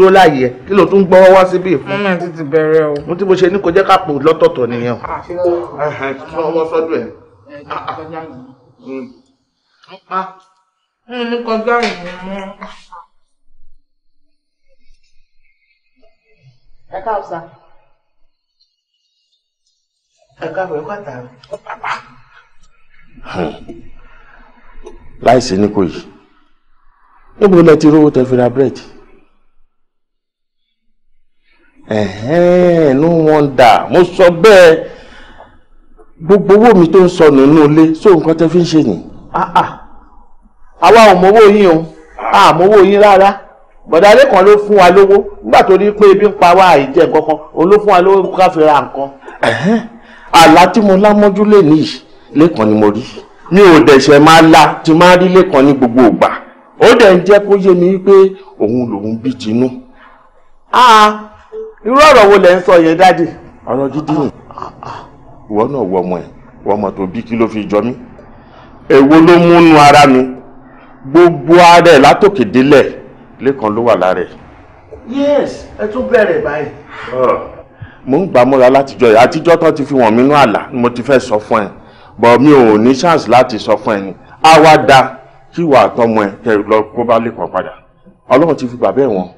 dúró láàyè ẹ kí ló tún gbọ́wọ́ wá síbí fún. mọ́mí ti ti bẹ̀rẹ̀ o. mo ti bó ṣe ní kò jẹ́ ká pò lọ́tọ̀ọ̀tọ̀ nìyẹn. àfi mo ọwọ́ sọ́dọ̀ ẹ̀. Hmm. mo ní kọjá ìwé mọ́. ẹ káàbọ̀ sá. ẹ káàbọ̀ ẹ pàtà rẹ̀. láìsí ní kò yìí níbo lẹ ti rówó tẹ fi ra no wonder mo sọ bẹ́ẹ̀ gbogbo owo mi tó ń sọnù inú ilé só nǹkan tẹ́ fi ń ṣe nìyí àwa ò mọ̀wó yín o owo mọ̀wó yín rárá bọ̀dálé kan ló fún wa lówó nígbà tó rí pé ebi ń pa wá àìjẹ nǹkan kan òun ló fún wa lówó ká fi ra nǹkan. àlá tí mo lámọ́jú lè ní yìí lẹ́kan ni mo rí mi ò dẹ̀ṣẹ̀ máa la ti máa rí lẹ́kan ní gbogbo ìgbà O dẹ̀ ń jẹ́ kó yé mi pé òun lòun bí tinú. a ah, irú ọ̀rọ̀ wo lẹ ń sọ yẹn dáàdì. ọ̀rọ̀ gidi ni ìwọ náà wọ ọmọ ẹ wọ ọmọ tó bí kí ló fi jọ mí èwo ló múnú ara mi gbogbo ara ẹ látòkè délẹ̀ lẹ́kan ló wà lára ẹ. yes ẹ tún bẹ̀rẹ̀ báyìí. mo ń gbà látijọ́ yìí àtijọ́ tán ti fi wọ̀n mí nú àlá ni mo ti fẹ́ sọ fún ẹ bọ̀ mi ò ní chance láti sọ fún ẹ ni á wá da kí ìwà àtọmọ ẹ kẹ lọ kó bá lẹ́kọ̀ọ́ padà ọlọ́run ti fi bàbá ẹ̀ wọ̀n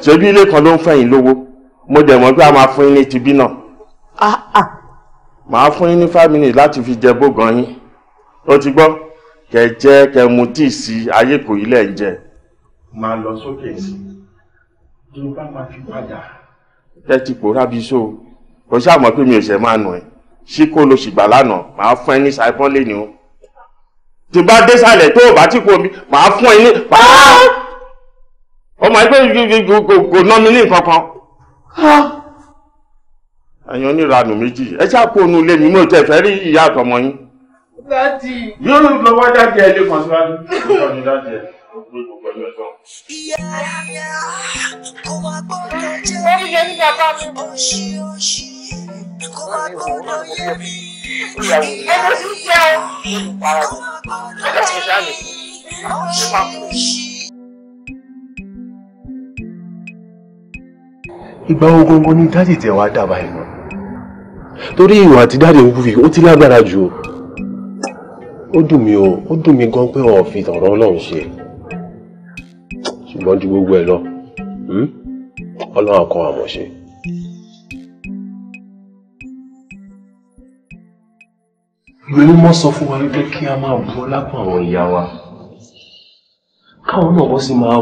ṣebí ilé kan ló ń fẹ̀yìn lówó mo dẹ̀ mọ́ pé a máa fún yín ní tibí náà. ah ah. màá fún yín ní five minutes láti fi jẹ bógan yín ó ti gbọ́ kẹ jẹ́ kẹ mu tíì sí ayé kò yí lẹ̀ ń jẹ. màá lọ sókè sí i bí o bá máa fi padà. tẹ́tí pòórá bíi so o ṣáà mọ̀ pé mi ò ṣẹ̀ máa nù ẹ́ ṣí kó lo ṣìgbà lánàá màá fún ẹ ní ṣàìpọ́n lé ni o tí bá dé sàlẹ̀ tó o bá tí kò mi màá fún ẹ ní. ọmọ ah! ẹgbẹ́ kò ná mi ní nǹkan kan ẹ̀yin oníranù méjì ẹ ṣáà kó onú ilé mi mọ́ ìtẹ́ ìfẹ́ rí ìyá àtọmọ yín. dájì. yóò lọ wá dájì ẹ lè síwájú. ìyá ìyá kò wá gbọ́dọ̀ mi ọ̀ṣì ọ̀ṣì kò wá gbọ́dọ̀ yẹ mi. ìyá ìyá kò ìgbà wo gangan ni dáàdì tẹ wá dábàá ìnà torí ìwà àti dáàdì ń wúfi ó ti lágbára jù o ó dùn mí o ó dùn mí gan pé wọn ò fi tọ̀rọ̀ Ọlọ́run ṣe ṣùgbọ́n ju gbogbo ẹ̀ lọ hmm? Ọlọ́run á kọ́ wa mọ̀ ṣe. ìwé mímọ́ sọ fún wa wípé kí a máa bu ọlá fún àwọn ìyá wa káwọn náà wọ́n sì máa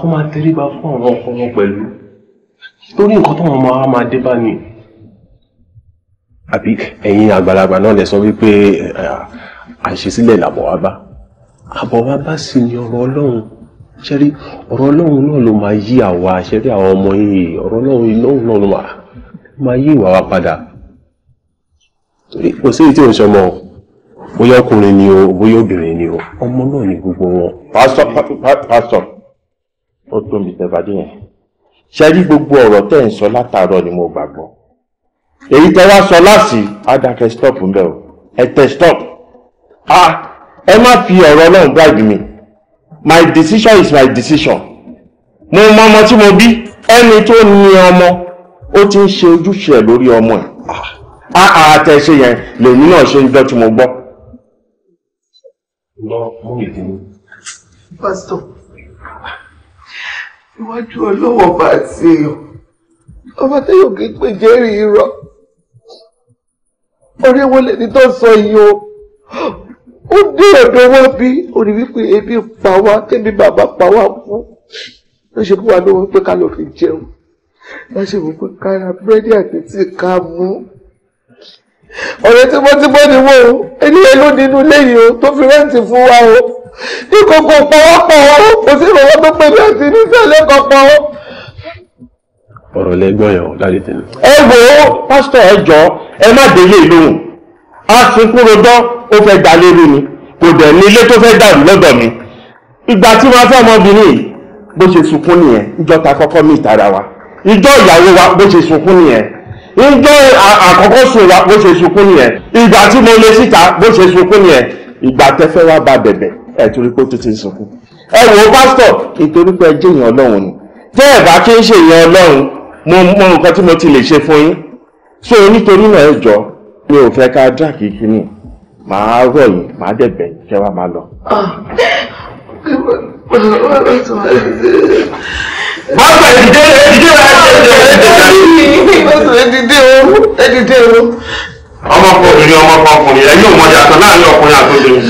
kọ́ máa tẹríba fún àwọn ọkọ wọn pẹ̀lú torí nǹkan tó wọn máa máa dé bá ni àbí ẹ̀yin àgbàlagbà náà lè sọ wípé àṣesílẹ̀ làbọ̀ wá bá àbọ̀ wá bá sì ni ọ̀rọ̀ ọlọ́run ṣẹ́rí ọ̀rọ̀ ọlọ́run náà ló máa yí àwa ṣẹ́rí àwọn ọmọ yìí ọ̀rọ̀ ọlọ́run náà ló máa yí ìwà wa padà kò sí èyí tí ò ń ṣọmọ bóyá ọkùnrin ni o bóyá obìnrin ni o ọmọ náà ni gbogbo wọn. pásítọ̀ pásítọ̀ ó tó mi tẹ̀ bàjẹ́ yẹn ṣe rí gbogbo ọ̀rọ̀ tẹ́ ń sọ látàárọ̀ ni mo gbàgbọ́ èyí tẹ́ wá sọ láàsì adàkẹ́ stop ń bẹ̀ o ẹ tẹ stop ah ẹ má fi ọ̀rọ̀ náà bribe mi my decision is my decision mo mọ ọmọ tí mo bí ẹni tó ní ọmọ ó ti ń ṣe ojúṣe ẹ lórí ọmọ ẹ ah ah tẹ ṣe yẹn lèmi náà ṣe ń gbọ́ tí mo gbọ́. lọ mú mi dé. pásítọ̀ iwájú ọlọ́wọ́ bá ti èèyàn ọba tẹ́yọ̀ kì í pè jẹ́rì irọ́ orí wọn lẹni tó sọ yìí o ó dé ọ̀dọ̀ wọn bí orí wípé ebi pa wá kẹ́mi bàbá pa wá fún ló ṣe fún wa lówó pé ká lọ fi jẹun wọ́n ṣe wò pé ká ra búrẹ́dì àti tí ká mú ọ̀rẹ́ tímọ́tímọ́ ni wọ́n o ẹni ló nínú lẹ́yìn o tó fi rẹ́ǹtì fún wa o ní gbogbo pọwọ́pọ̀ wọn kò sí ìrọ̀wọ́ tó pé bí ẹ ti ní sẹ́lẹ̀ kan pọ̀wọ́. ọ̀rọ̀ lẹ́gbọ́n yẹn láti tẹ̀lé. ẹ wo pásítọ̀ ẹ jọ ẹ má délé lóhùn a sunkún rodọ́ ó fẹ́ gbà lórí mi kò dẹ̀ ní ilé tó fẹ́ dàrú lọ́dọ̀ mi ìgbà tí wọ́n fẹ́ ọmọbìnrin yìí bó ṣe sunkún nìyẹn ìjọ ta kọ́kọ́ mí ìtara wa ìjọ ìyàwó wa bó ṣe sunkún nìyẹn ìjọ àkọ́kọ́ sùn wa bó ṣe sunkún nìyẹn ìgbà tí mo lè síta bó ṣe sunkún nìyẹn ìgbà tẹ́fẹ́ wa ba bẹ̀bẹ̀ ẹ̀ torí pé ó tún ti sunkún ẹ wò pásítọ̀ nítorí pé ẹ ọlọ́run ni jẹ́ kí ń ṣe èèyàn ọlọ́run mo mọ nǹkan tí mo ti lè ṣe fún yín so nítorí náà ẹ jọ mi ò fẹ́ ká dá màá rọ̀ yín màá kẹ́ máa lọ. o. Ọmọkùnrin ọmọkùnrin ẹ̀yin ò mọ̀ yàtọ̀ láàrin ọkùnrin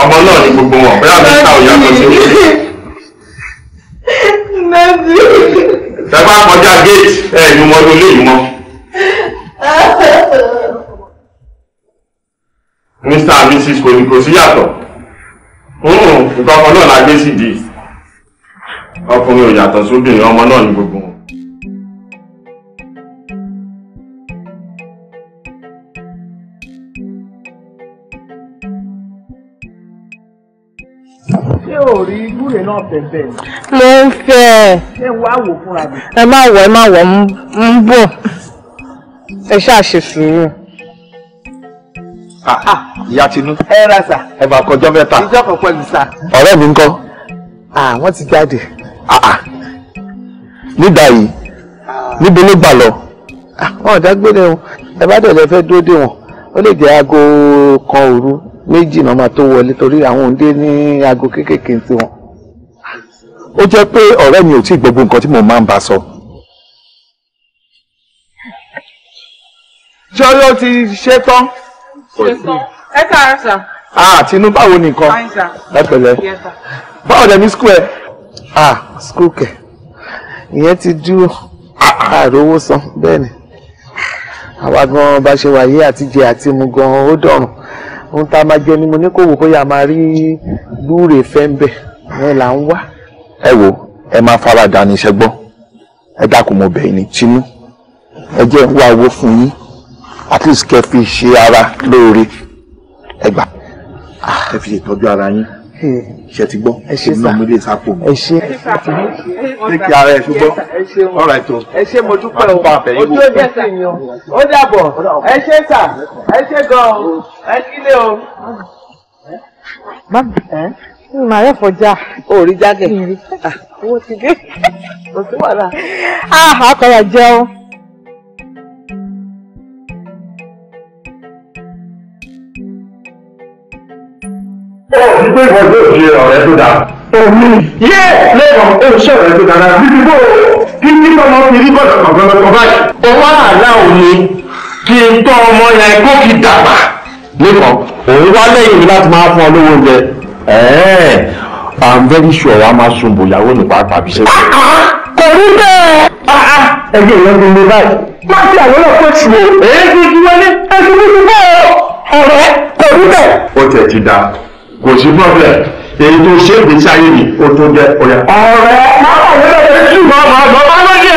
ọmọ náà ni gbogbo wọn bóyá mi ta òyà lọ sí òkè. ẹ bá kọjá géètì ẹ ìlú wọn ló lé ìlú wọn. Mr and Mrs kò ní kò sí yàtọ̀ nǹkan hmm, kan náà la gbé sí di ọkùnrin ò yàtọ̀ sóbìnrin ọmọ náà ni gbogbo wọn. ò rí náà fẹ̀fẹ̀. mo ń fẹ́ ṣé wá wò fúnra mi. ẹ má wọ ẹ má wọ ń bọ̀ ẹ ṣáà ṣe sùúrù. Ah, ah, ìyá tinú. ẹ ra sà. ẹ bá kọjọ mẹ́ta. ìjọ kan pẹ̀lú sà. ọ̀rẹ́ mi ń kọ́. Ah, wọ́n ti jáde. nígbà yìí níbo ló gbà lọ. wọn ò dágbére wọn ẹ bá dẹ̀ lẹ fẹ́ dúró dé wọn ó lè jẹ́ aago kan òru méjì náà máa tó wọlé torí àwọn òǹdé ní aago kéékèèké tí wọn. ó jẹ́ pé ọ̀rẹ́ mi ò tí ì gbogbo nǹkan tí mo máa ń bá sọ. jọlọ ti ṣe tán. ẹ káàárọ̀ sà. ah tinú báwo nìkan. lápẹ̀lẹ́ báwo dẹ̀ ní square. ah school kẹ̀ ìyẹn ti dúró àròwó san bẹ́ẹ̀ ni àwa gan bá ṣe wà yé àtijẹ àti mu gan ó dọ̀rùn ohun tá a máa jẹ ni mo ní kò wò bóyá a máa rí lúre fẹ́ǹbẹ̀ yẹn là ń wá. ẹ wo ẹ máa fara dà ní iṣẹ́ gbọ́ ẹ dákun mo bẹ̀ ní tinú ẹ jẹ́ wá owó fún yín at least kẹ́ fi ṣe ara lóore ẹ gbà ah, ẹ fi ṣètọ́jú ara yín. Hmm. ṣe ti gbọ́ ṣe ní ọmọ ilé sápò mi. ẹ ṣe ṣe kí ara ẹ ṣùgbọ́n ọ̀rọ̀ ètò ẹ ṣe mo dúpẹ́ o ojú ojú ẹsẹ̀ yìí o ó dàbọ̀ ẹ ṣe sà ẹ ṣe gan-an ẹ kílé o. mami màá yẹ fọjá. o rí jágẹ̀ owó ti dé kò sí wàhálà. Ah, a kọ̀yà jẹun. sí pé ìwọ yóò ṣe ọ̀rẹ́ tó dáa. Èmi yé lẹ́kọ̀ọ́ èyí ṣe ọ̀rẹ́ tó dáa bíbí bó bíbí ọmọ fi rí bọ̀dọ̀ kọ̀ọ̀kan báyìí. Owó àlá òní kí n tọ́ ọmọ yẹn kó fi dàgbà. Nìkan, òun wá lẹ́yìn mi láti máa fún ọ lówó oúnjẹ. Ẹ̀ẹ́ I'm very sure wa máa sun bòyàwó nípa tàbí sẹ́kọ̀ọ́. Kò rí bẹ́ẹ̀. Ah, ah, ẹgbẹ́ ìyá mi ní báyìí. Má ti àwọn ọlọ́pàá ti wò. Èé fi ti wọlé. Ẹ ti mú mi bẹ́ẹ̀ ọ̀rẹ́ kò rí bẹ́ẹ̀. Ó tẹ̀ ti dáa kò sí problem èyí tó ṣe ìgbésí ayé mi ó tó jẹ ọ̀yà. ọ̀rẹ́ máa ń wọlé ẹgbẹ́ tí mo máa lọ bá lọ yẹ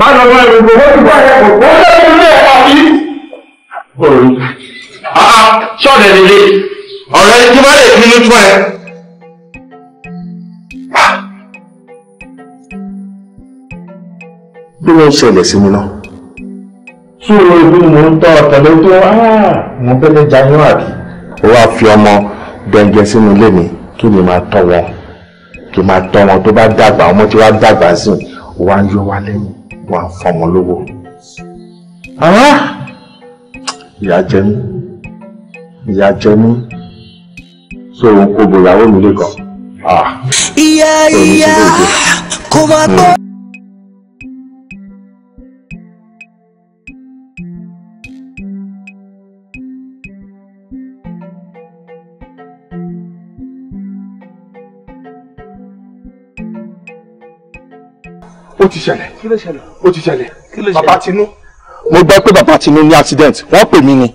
máa lọ ọ̀rẹ́ tí wọ́n lè bí mò ń tọ́ ọ̀tọ̀ ló tó mo fẹ́ lè jayán àbí. wá fi ọmọ dẹ́njẹ sínú ilé mi kí mi máa tọ́ wọn kí máa tọ́ wọn tó bá dàgbà ọmọ tí wàá dàgbà sí wàá yọ wá lẹ́yìn wàá fọ́ wọn lówó. ìyá jẹ mí ìyá jẹ mí so òun kò bòyàwó mi lẹ́kọ̀ọ́. Ah. ìyá ìyá kò máa tọ́. ó ti ṣẹlẹ̀ kí ló ṣẹlẹ̀ ó ti ṣẹlẹ̀ bàbá tinú. mo gbọ́ pé bàbá tinú ní accident wọ́n pè mí ni.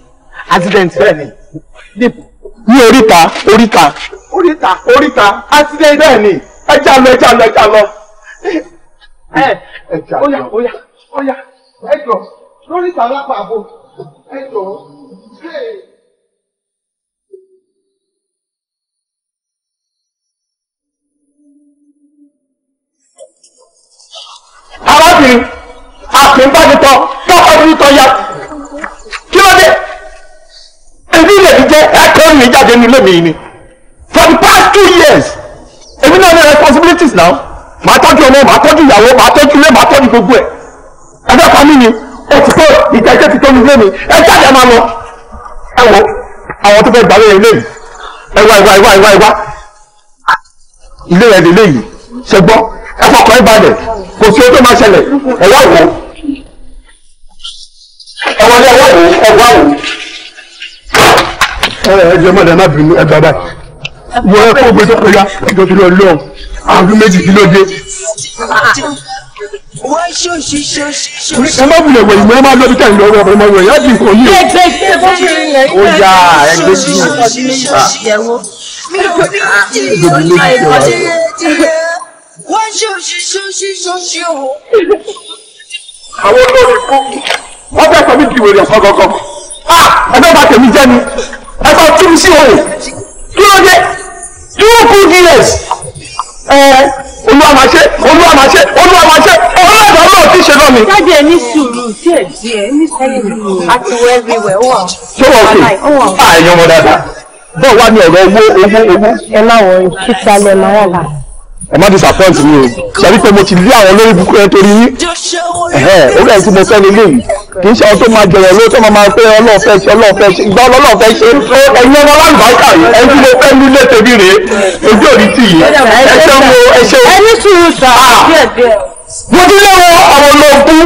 accident bẹ́ẹ̀ ni. ní oríta oríta. oríta oríta accident bẹ́ẹ̀ ni ẹ já lọ ẹ já lọ ẹ já lọ. ẹ ó yá ó yá ó ẹ jọ lóríta lápá àbò ẹ jọ. arábìnrin àpínbánitọ tọkọdúnitọ ya kí ló dé èmi lè fi jẹ ẹkọrin mi jáde nílé mi ni for the past two years èmi náà ní responsibilities now màá tọ́jú ọmọ màá tọ́jú ìyàwó màá tọ́jú ilé màá tọ́jú gbogbo ẹ̀ ẹgbẹ́ kan mi ni o ti pé ìjà ìjẹ́ ti tó nílé mi ẹ jáde ẹ máa lọ ẹ wo àwọn tó fẹ́ gbàgbé ilé mi ẹ wá ẹ wá ẹ wá ẹ wá ilé ẹ lè léyìí ṣe gbọ́ ẹ fọkàn kò sí ohun tó máa ṣẹlẹ̀ wò ẹ wọlé ẹ wò ẹ wò. ẹ jẹ́ mọ́lẹ̀ má bínú ẹ bàbá wọ́n ẹ kó gbé tó kọjá ẹjọ́ tó lọ lọ́hùn àrùn méjì kí ló dé. ẹ má wulẹ̀ wẹ̀yìn mọ́ ẹ má lọ́bi tẹ̀yìn lọ́wọ́ ọ̀pọ̀ ìmọ̀wé yá di nǹkan yìí. ẹgbẹ́ ìgbẹ́ bó ṣe ń ó yà ẹgbẹ́ ìgbẹ́ ìgbẹ́ ìgbẹ́ ìgbẹ́ ìgbẹ́ ìgbẹ́ ìgbẹ́ ìgbẹ́ ìgbẹ́ ìgbẹ́ ìgbẹ́ wọ́n olórí kú wọ́n fẹ́ sọ mí di wèrè ọ̀sán gangan ah! ẹgbẹ́ bá tèmi jẹ́ ni ẹ bá tún sí òye kí ló dé yóò kú ds olúwa máa ṣe olúwa máa ṣe olúwa ti ṣe náà jáde ẹni sùúrù díẹ̀ díẹ̀ ẹni sùúrù àti wọ everywhere ó wà. ṣé wọ́n fi àìyàn wọn dáadáa bọ́ọ̀ wá ní ọ̀rọ̀ owó owó owó. ẹ máa wọ ìfísàlẹ̀ máa wà láti ẹ má disappoint mi o ṣàbí pé mo ti lé àwọn olórí búkú ẹ torí yín ó rẹ̀ tí mo fẹ́ nílé yìí kì í ṣe àwọn tó máa jọ̀rọ̀ ló tó máa máa pé ọlọ́ọ̀fẹ́ ṣe ọlọ́ọ̀fẹ́ ṣe ìgbà ọlọ́ọ̀fẹ́ ṣe ẹ̀yin ọmọ alágbàákà yìí ẹni tí mo fẹ́ nílé tèmi rèé ojú òní tì yìí ẹ ṣe wo ẹ ṣe wo. ẹni tí mo sọ díẹ̀ díẹ̀. mo ti lé wọn àwọn olóògùn.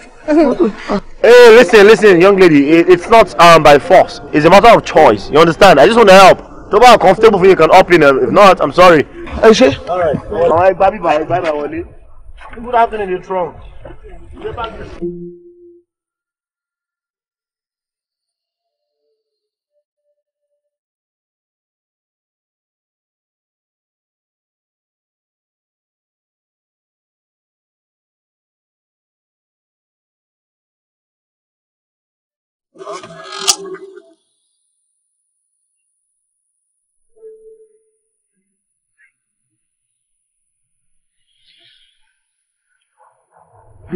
hey, listen, listen, young lady. It, it's not um, by force. It's a matter of choice. You understand? I just want to help. To be comfortable for you, can up in. Uh, if not, I'm sorry. Are you sure? All right. All right. Bye, bye, bye, bye, Wally. Good afternoon, you're wrong. bí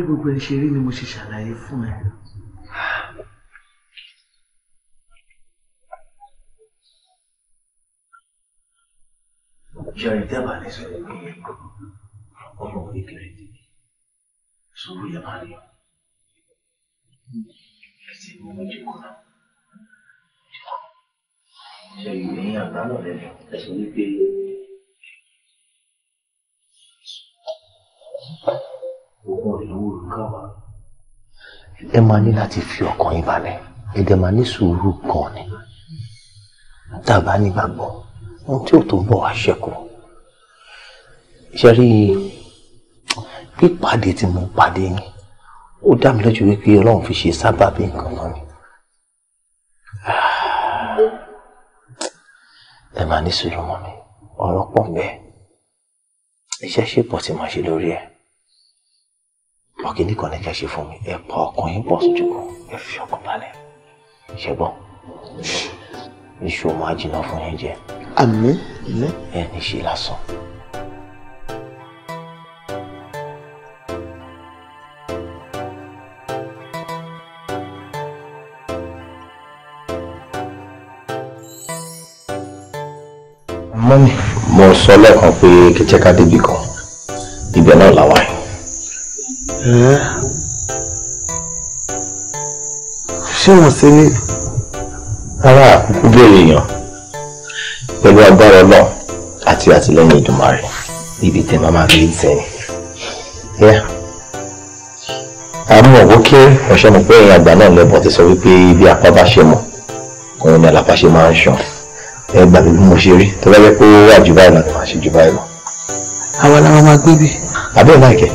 gbogbo ẹ ṣe rí ni mo ṣe ṣàlàyé fún ẹ. Jerry dábà ní sọ̀rọ̀ pé ọmọ òní kiri sùúrù yẹn máa ní ṣe ìròyìn àbámọ̀ lẹ́nu ẹ̀sùn wípé. Ogún ìnáwó nǹkan wa. Ẹ máa ní láti fi ọkàn yín balẹ̀. Ẹ dẹ̀ máa ní sùúrù gan ni. Tàbá nígbàgbọ́, ohun tí ò tó bọ̀ wá ṣẹ́kù. Ṣé rí pípàdé tí mo pàdé yín? ó dá mi lójú wípé ọlọ́run fi ṣe sábàbí nǹkan kan ni. ẹ máa ní sùúrù mọ́ mi ọ̀rọ̀ pọ̀ bẹ́ẹ̀ iṣẹ́ ṣe pọ̀ tí màá ṣe lórí ẹ̀ ọ̀kìnní kan ní kẹ́ ṣe fún mi ẹ pa ọkàn yín pọ̀ sójú kan ẹ fi ọkàn balẹ̀ ṣẹ́gbọ́n iṣu máa jìnnà fún yín jẹ àmín ẹ ní ṣe lásán. mọ́mí. mo sọ lẹ́ẹ̀kan pé kìtẹ́ ká débi kan ibẹ̀ náà làwa yìí. ṣé wọ́n ṣe ní. rárá àkókò béèrè èèyàn pẹ̀lú agbára náà àti àtìlẹ́yìn Èdùmàrè níbi tẹ́ máa máa rí sẹ́yìn. àmọ́ òkè ọ̀ṣẹ́ mọ̀ pé ẹ̀yìn àgbà náà lẹ́bọ̀ ti sọ wípé ibi apá bá ṣe mọ̀ òun ni àlàpà máa ń ṣàn ẹ gbà mí bí mo ṣe rí tó bá jẹ́ pé ó wà jù báyìí lọ́nà àṣẹ jù báyìí lọ. àwa làwọn máa gbé bí. àbẹ́ẹ̀ láìkẹ́.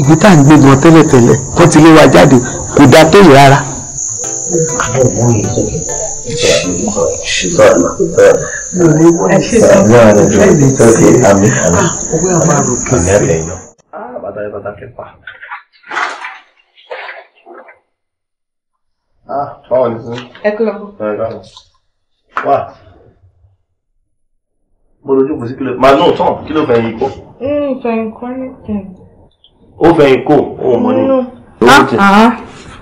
ìgbé tá à ń gbé gan tẹ́lẹ̀tẹ́lẹ̀ wọ́n ti lé wa jáde kò dáa tó yìí rárá. Ah, báwo ni sọ? Ẹ kúrò. Ẹ kúrò wà mo lójú kò sí kí ló máa náà tán kí ló fẹ̀yìn kó. Mm, fẹ̀yìn kó nìkan. ó fẹ̀yìn kó òun mọ̀ ni. Ah, ah.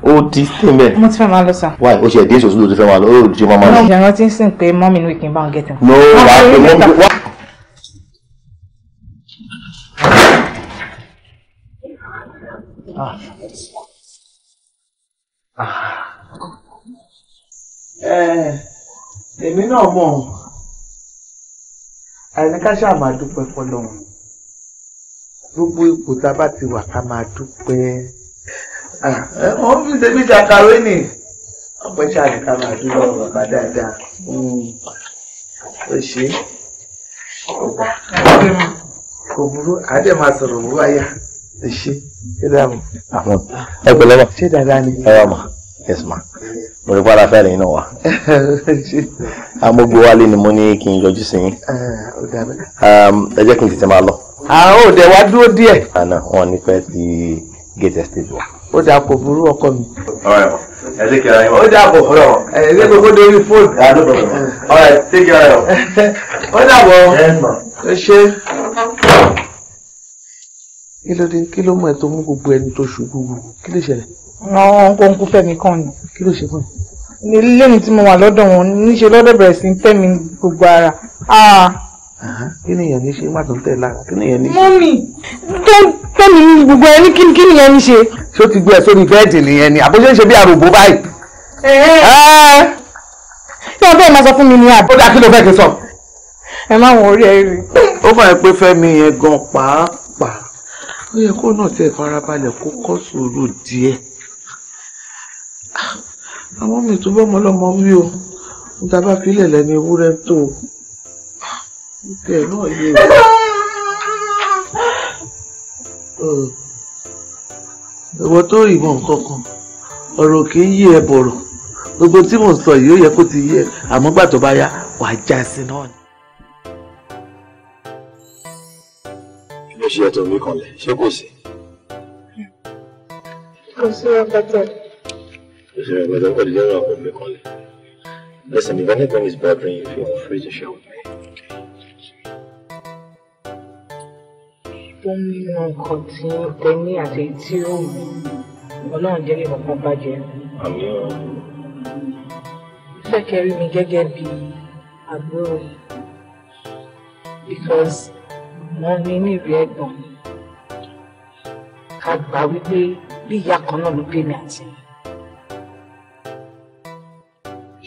ó ti sìn bẹ́ẹ̀. mo ti fẹ́ máa lọ sà. wáyé o ṣe ẹ̀dín ìṣòṣù ló ti fẹ́ máa lọ ó ti máa máa lọ. ìyàrá ti ń sìn pé mọ́mí ni wíkì ń bá wọn gẹ̀tẹ̀. no wà á pè mọ́mí wá. Ah. Ah. Eh èmi náà mọ̀ àìníkáṣá máa dúpẹ́ fọlọ́run gbogbo ipò tá a bá ti wà ká máa dúpẹ́ ó fi ṣe bí ṣàkàwé nì ọpẹ́ ṣáàdì ká máa dúpẹ́ bàbá dáadáa hmm. ó ṣe kò burú àádẹ́ máa sọ̀rọ̀ bó bá yá ó ṣe ṣé dáa mọ̀ ẹ pẹ̀lẹ́ mọ̀ ṣé dáadáa ni yes ma mo rí padà fẹ́ràn iná wa amógbówálé ni mo ní kí n yọjú sí yín ah, um, ẹ jẹ́ kí n tètè máa lọ. àwọn òde wa dúró díẹ̀. àná ah, wọn ní fẹ́ ti gate estate wa. ó dà kò burú ọkọ mi. ẹ ṣe kí ara yín wá. ó dà kò burú ọ ẹ ṣe gbogbo lórí fóònù. ọ̀rẹ́ ṣe kí ara yín wá. ó dà bọ̀ ó ṣe kí ló dé kí ló mọ̀ ẹ́ tó mú gbogbo ẹni tó ṣubú kí ló ṣẹlẹ̀ àwọn kóńkó fẹ́mi kan ni kí ló ṣe fún mi. lẹ́yìn tí mo wà lọ́dọ̀ wọn níṣẹ́ lọ́dọ̀ bẹ̀rẹ̀ sí ń tẹ̀mí gbogbo ara. Ah. kí ni ìyẹn ní ṣe má tó ń tẹ̀ lára kí ni ìyẹn ní. mọ́mì tó ń tẹ̀mí gbogbo ẹni kí ni ìyẹn ní ṣe. ṣé ó ti gbé ẹ sórí bẹ́ẹ̀dì nìyẹn ni àbójútó ṣe bí àròbó báyìí. Ah. ẹ ẹ ṣé wọn bẹ́ẹ̀ máa sọ fún mi ní àbí. ó dá kí ló fẹ́ kí sọ. ẹ má wọn orí ẹ àwọn mi tó bọ́mọ lọ́mọ wí o níta bá fi lẹ̀lẹ̀ ní ewúrẹ́ tó o ìfẹ́ náà yé o. Hmm. ìwọ tó rí mọ nǹkan kan ọ̀rọ̀ kì í yé ẹ bọ̀rọ̀ gbogbo tí mò ń sọ yìí ó yẹ kó ti yé ẹ àmọ́ gbà tó bá yá wàá já sí náà ni. kí ló ṣe ẹ̀tọ́ mi kanlẹ̀ ṣé kò sí. kò sí ọkọ tẹ̀lé. Sorry, but I've got the other one calling. Listen, if anything is bothering you, feel free to share with me. Don't you know, continue, tell me at it too. Ọlọ́run jẹ́ kí kankan bàjẹ́. Àmì ọ̀. Fẹ́ kẹ́rí mi gẹ́gẹ́ bí àbúrò because wọ́n ní níbi ẹ̀gbọ́n ká gbà wípé bí ìyá kan náà ló gbé mi àti mi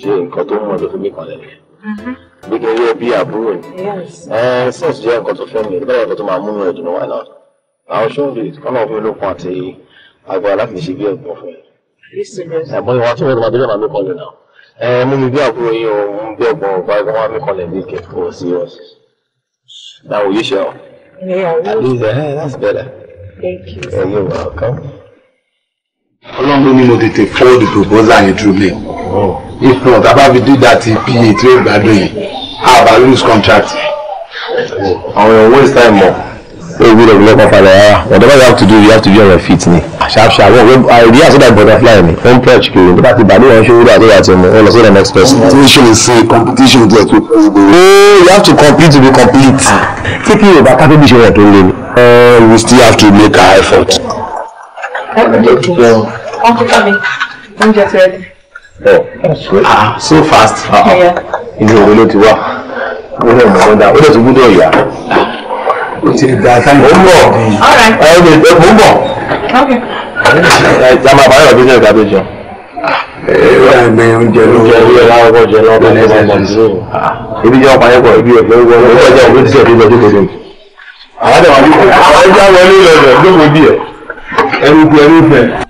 ṣe nǹkan tó mọ̀ lókun nìkan lẹ́yìn mm-hmm. gbẹgẹrẹ bí àbúrò ni sins jẹ́ nǹkan tó fẹ́ mi lọ́wọ́ nǹkan tó máa múnú ẹ̀dùn wà náà àwọn ṣọ́ọ̀lì kọ́nà òfin olókun àti agbára láti ṣe bí ẹ̀gbọ́n fún yín ẹ̀gbọ́n ìwà tó wọ́n tó máa mí kọlẹ̀ náà ẹ mú mi bí àbúrò yín o mú bí ẹ̀gbọ́n ọ̀gá ẹ̀gbọ́n máa mí kọlẹ̀ bí kẹ̀kọ́ sí ọ now you shall at least eh, that's better thank you yeah, you're welcome. ọlọ́run ni mo tètè fọ́ọ̀dù proposal yẹn through mail. Oh, if not abá fi do that? pa tí ó gbádùn yìí abá lose contract. Oh, àwọn èèyàn waste time mọ. ó gbọ́dọ̀ bí lọ́kàn falẹ̀ whatever you have to do you have to be on your feet ni. àṣàṣà wọn wọn àìdí àti that butterfly ni one perch kiri nígbà tí bàbá ìwọ̀n ṣòwò àti ìyàtọ̀ mu wọn lọ sí the next person. competition is say competition is like. you have to compete to be complete. tí kí yorùbá kábíyèsí ṣe rẹ̀ tó lé ni. we still have to make our effort. Thank you. Thank you. just ready. Oh, so fast. Ah, ah. ló ti wá. Wọ́n lè mọ̀ ọ́dà, wọ́n lè tún gbúdọ̀ yà. O ti da sáyẹn. Ó ń bọ̀. Ẹ ẹ lè ń bọ̀. Ìjàmbá bàbá yóò bí sẹ́yìn tàbí jẹun. Ẹ̀ẹ́dẹ̀ oúnjẹ ló jẹ ilé láwọ́ jẹ lọ́wọ́ bẹ́ẹ̀ bọ̀ sí. Ah, ah. Ibi jẹ́ ọ̀pá yẹn pọ̀, ibi ẹ̀ lọ́wọ́ lọ́wọ́ jẹ́ òbí tí òbí lọ́jọ́ kejì. wọlé lọ́dọ̀ lóko bí ẹ̀. Ẹnu kú ẹnu fẹ́.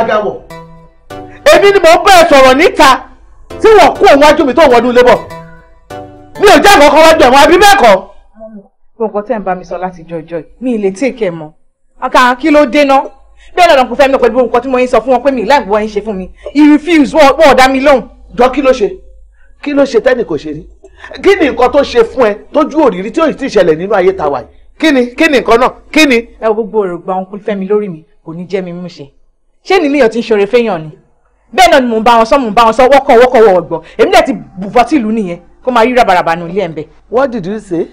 àga wọ̀. èmi ni mò ń bẹ̀rẹ̀ sọ̀rọ̀ níta tí wọ́n kú òun wájú mi tó wọnú ilé bọ̀ mi ò jẹ́ àkọ́kọ́ wájú ẹ̀wọ̀n àbí bẹ́ẹ̀ kọ́. gbogbo tẹ́ ń bá mi sọ láti jọjọ́ mi lè tí ìkẹ́ mọ́ àkà kí ló dé bí ọ̀dọ̀ kò fẹ́ pẹ̀lú nǹkan tí mo yín sọ fún wọn pé mi láì wọ́n ṣe fún mi he refuse wọ́n ọ̀dá mi lóhùn. jọ kí ló ṣe kí ló ṣe tẹ́nì kò ṣe rí kí ni nǹkan tó ṣe fún ẹ tójú òrìrí tí ò tí ì ṣẹlẹ̀ nínú ayé ta wà kí ni kí ni nǹkan náà kí ni. ẹ gbogbo èròǹgbà ọkùnrin fẹ́mi lórí mi kò ní jẹ́ mi mú ṣe ṣé ni míyàn ti ń ṣoore fẹ́yàn ni bẹ́ẹ̀ náà ni mò ń bá wọn sọ mò ń bá wọn sọ wọ́kọ̀ wọ́kọ̀ wọ̀ èmi dẹ̀ ti bù fọ́tì ìlú nìyẹn kó máa rí rabaraba nù ilé ẹ̀ ń bẹ̀. what did you say.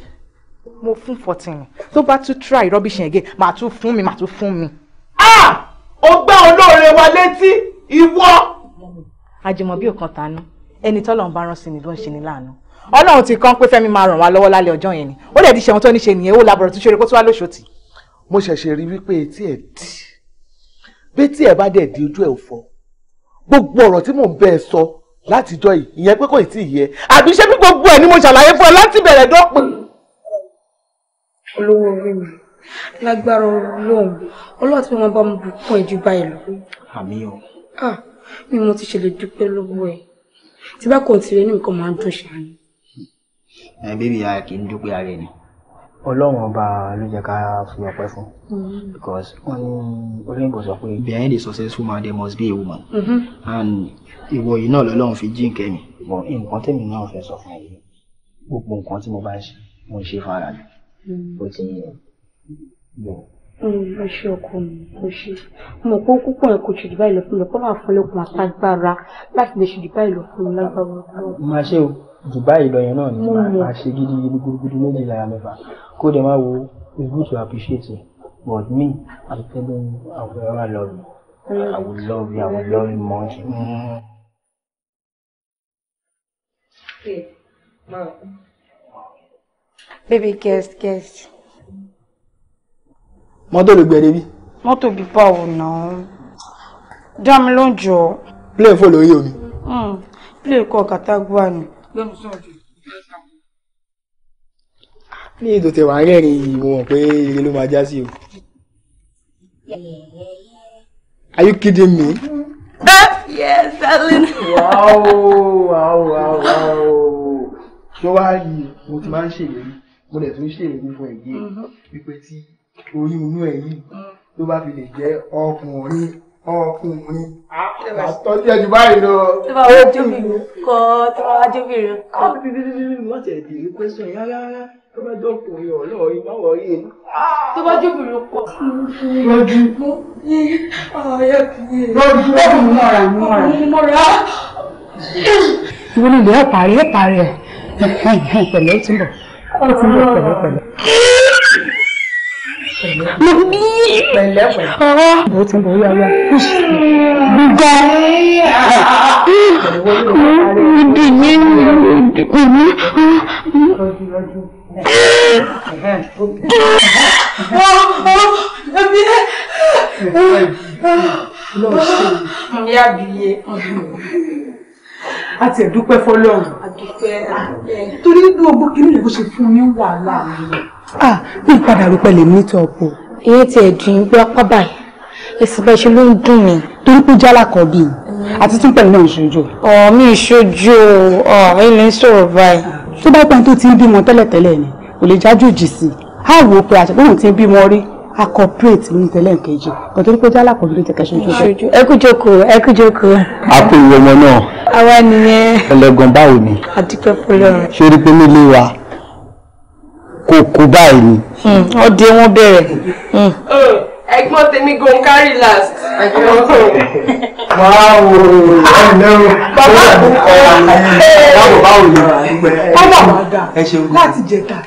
mo fún fourteen tó bá tún try rubbish yẹn again màá tún fún mi màá tún fún mi. ah ó gbá olóore wa létí ìwọ. àjùmọ̀bí ò kan tànú ẹni tọ́lọ́run bá rán sí ni ló ń ṣe ni láàánú ọlọ́run ti kán pé fẹ́mi máa ràn wá lọ́wọ́ lálẹ́ ọjọ́ yẹn ni ó lè di ṣẹun tó ní ṣe nìyẹn ó labọ̀rọ̀ tó ṣeré kó tó wá lóṣòtì. mo ṣẹ̀ṣẹ̀ rí wípé etí ẹ̀ dì bétí ẹ̀ bá dẹ̀ di ojú ẹ̀ ò fọ́ gbogbo ọ̀rọ̀ tí mò ń bẹ́ẹ̀ sọ látijọ́ yìí ìyẹn pé kò tí ì yẹ àbí ṣé bí gbogbo ẹ̀ ni mo ṣàlàyé fún ẹ láti bẹ̀rẹ̀ dọ́pin. olówó orí mi lágbára Ọlọ́run Ọlọ́run tí wọ́n bá mi bùkún ẹ̀ ju báyìí lọ. àmì o. ah mi mo ti ṣe lè dúpẹ́ lọ́wọ́ ẹ̀ tí bá kò tí ì rí nǹkan máa ń dùn ṣáà ni. ẹ bébì ara kì í dúpẹ́ ara ẹ̀ ni ọlọ́run ọba ló jẹ́ ká fi ọpẹ́ fún mm-hmm. because wọ́n ní olóyìnbó sọ pé behind a successful man there must be a woman mm-hmm. and ìwọ yìí náà lọ́lọ́run fi jí nǹkan but nǹkan tèmi náà fẹ́ sọ fún yìí gbogbo nǹkan tí mo bá ń ṣe mo ń ṣe fara mi mm-hmm. ó ti yọ. mo ṣe ọkọ mi mo ṣe mo kó púpọ̀ ẹ̀kọ́ ṣèjì báyìí lọ fún mi kó máa fọ́ lókun àtàgbára láti lè ṣèjì báyìí lọ fún mi lágbára. máa ṣe o jù báyìí lọ yẹn náà ni màá ṣe gidi gidi gudugudu méjì lára mẹ́fà kó dẹ̀ máa wo it's good to appreciate it but me i'm telling you i will love you i will love you i will love you much. Mm. Hey, baby guest guest. mọ́tò ló gbẹ e débi. mọ́tò bíbá ò ná dá mi lóúnjọ. play fò lórí omi. Hmm, play kọ kàtàgbà ni lẹ́nu sọ̀rọ̀ ní ètò tẹ̀wá rẹ́rìn ìwọ̀n pé ire ló máa já sí o. Are you kidding me? yes, darling. wow wow wow wow. ṣé wàá rí mo ti máa ń ṣèlérí mo dẹ̀ tún ṣèlérí fún ẹ̀gbẹ́ mm-hmm. wípé tí oyún inú ẹ̀ yìí ló mm. bá fi lè jẹ́ ọkùnrin ọkùnrin àtọ́jú ẹni báyìí lọ. tí wàá wọ́n jóbìnrin kọ́ tí wàá jóbìnrin kọ́. àwọn bíbí bíbí bíbí wọ́n tẹ̀ dì í pẹ́sùn yín rárá tó bá dọ́kùnrin ọ̀lọ́ yìí má tó bá jóbìnrin kọ́. lọ́jú lọ́jú ọkùnrin mọ́ra mọ́ra. ìwọ ni ilé ẹ̀ parí ẹ̀ parí ẹ̀ pẹ̀lẹ́ ti bọ̀ ó ti bọ̀ pẹ̀lẹ́ pẹ̀lẹ́ mo bí ọ̀rọ̀ bó ti ń bọ̀ yá yá gbígbá ìdí mi ìdí mi. Ìyá bìíye a ti ẹ̀ dúpẹ́ fọlọ́run torí gbogbo kìnìún kò ṣe fún ní wàhálà mi ah mi padà rò pẹ̀lẹ́ mi tó ọ̀pọ̀. ìyẹn ti ẹ̀dùn ìgbé ọpá báyìí èsì bẹ́ẹ̀ ṣe ló ń dùn mí. torí pé jálá kan bíi àti tún pẹ̀lú náà ìṣojú. ọ̀ mi ìṣojú ọ̀ ilé ń sọ̀rọ̀ báyìí. tó bá pẹ́ tó ti ń bímọ tẹ́lẹ̀tẹ́lẹ̀ ni kò lè jájòjì sí i á wò ó pé àṣepọ̀n ti ń bímọ rí a corporate ní tẹ́lẹ̀ kejì kò torí pé jálá kan ló ti kẹ́sọ̀ ìṣojú. ẹ kú jókòó ẹ kú jókòó. a kò ìwé ọmọ náà. àwa nìyẹn. ẹlẹgàn báwo ni. àdúpẹ́ fọlọ́run. o rí pé nílé kókó báyìí ni. Hmm, ọdẹ wọn bẹ̀rẹ̀. Hmm. Eh, ẹ̀gbọ́n tèmi go n carry last. wáwo ẹnlẹ́ o bàbá báwo báwo ni. bàbá ẹ ṣeun láti jẹta.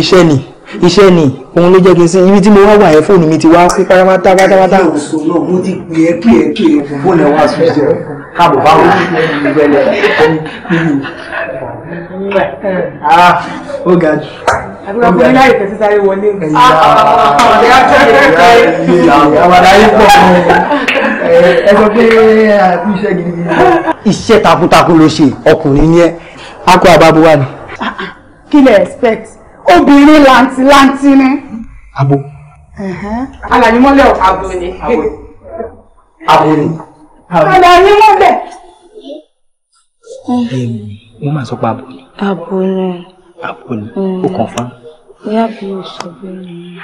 iṣẹ́ ni iṣẹ́ ni òun ló jẹ́ kí n sin ibi tí mo wá wà yẹn fóònù mi ti wá sí pátápátá pátápátá. mo ti pè é pè é pè é fóònù ẹ wá sí ìṣe káàbọ̀ báwo ìgbẹ́lẹ̀ ah, ó ga jù. àbúrò kò ní láyè fẹ́ sísáré wọlé. ìyá ìyá wàdà yìí pọ̀ ẹ sọ pé iṣẹ́ gidigidi. iṣẹ́ takuntakun ló ṣe ọkùnrin ni ẹ akọ àbábọ̀ wà ní. Ah, ah. kí lẹ expect obìnrin làǹtìlanti ni. abo. alani mọ́lẹ̀ o. abo ni abo. abo ni. alani mọ́lẹ̀. wọ́n máa sọ pé abo ni. abo ni. abo ni hmm. o kàn fún. ìyá mi ò sọ bẹ́ẹ̀ ni.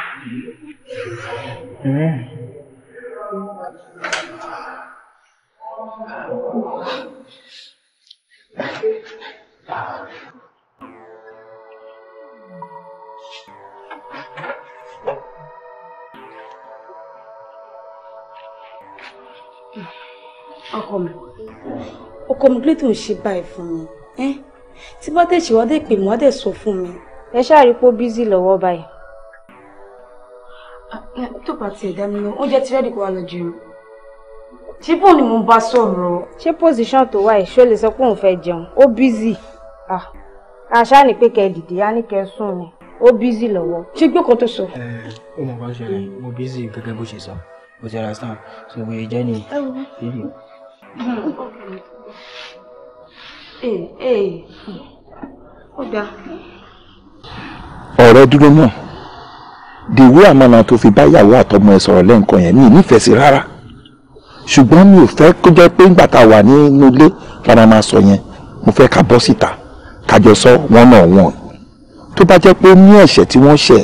Ah. ọkọ mi ọkọ mi kílẹ̀ tó ń ṣe báyìí fún mi ẹ́ tí bá tẹ̀ ṣèwádìí pè mí wá dẹ̀ sọ fún mi. ẹ ṣáàrí pé ó bízì lọ́wọ́ báyìí. Ah, tó bá tiẹ̀ dá mi lọ oúnjẹ ti rẹ́dì kó wa lọ jẹun ṣé bò ni mo bá sọ̀rọ̀. ṣé pòsíṣàn tó wà yìí ṣó lè sọ pé òun fẹ́ jẹun ó bízì ah, àṣà ni pé kẹ́ dìde á ní kẹ́ sùn ni ó bízì lọ́wọ́ ṣé gbé kan tó sọ. ó mọ̀ bá ṣẹlẹ̀ mo bízì gẹ́gẹ́ bó ṣe sọ mo ti ra sàn ṣùgbọ́n ìjẹ́ ẹ wo Eh, eh. ọ̀rẹ́ dúró náà dèwé àmàlà tó fi báyàwó àtọmọ ẹ sọ̀rọ̀ lẹ́ǹkan yẹn mi nífẹ̀ẹ́ sí rárá ṣùgbọ́n mi ò fẹ́ kó jẹ́ pé ńgbà tá a wà nínú ilé lára máa sọ yẹn mo fẹ́ ká bọ́ síta kájọ sọ wọn náà wọn tó bá jẹ́ pé ó ní ẹ̀ṣẹ̀ tí wọ́n ṣẹ̀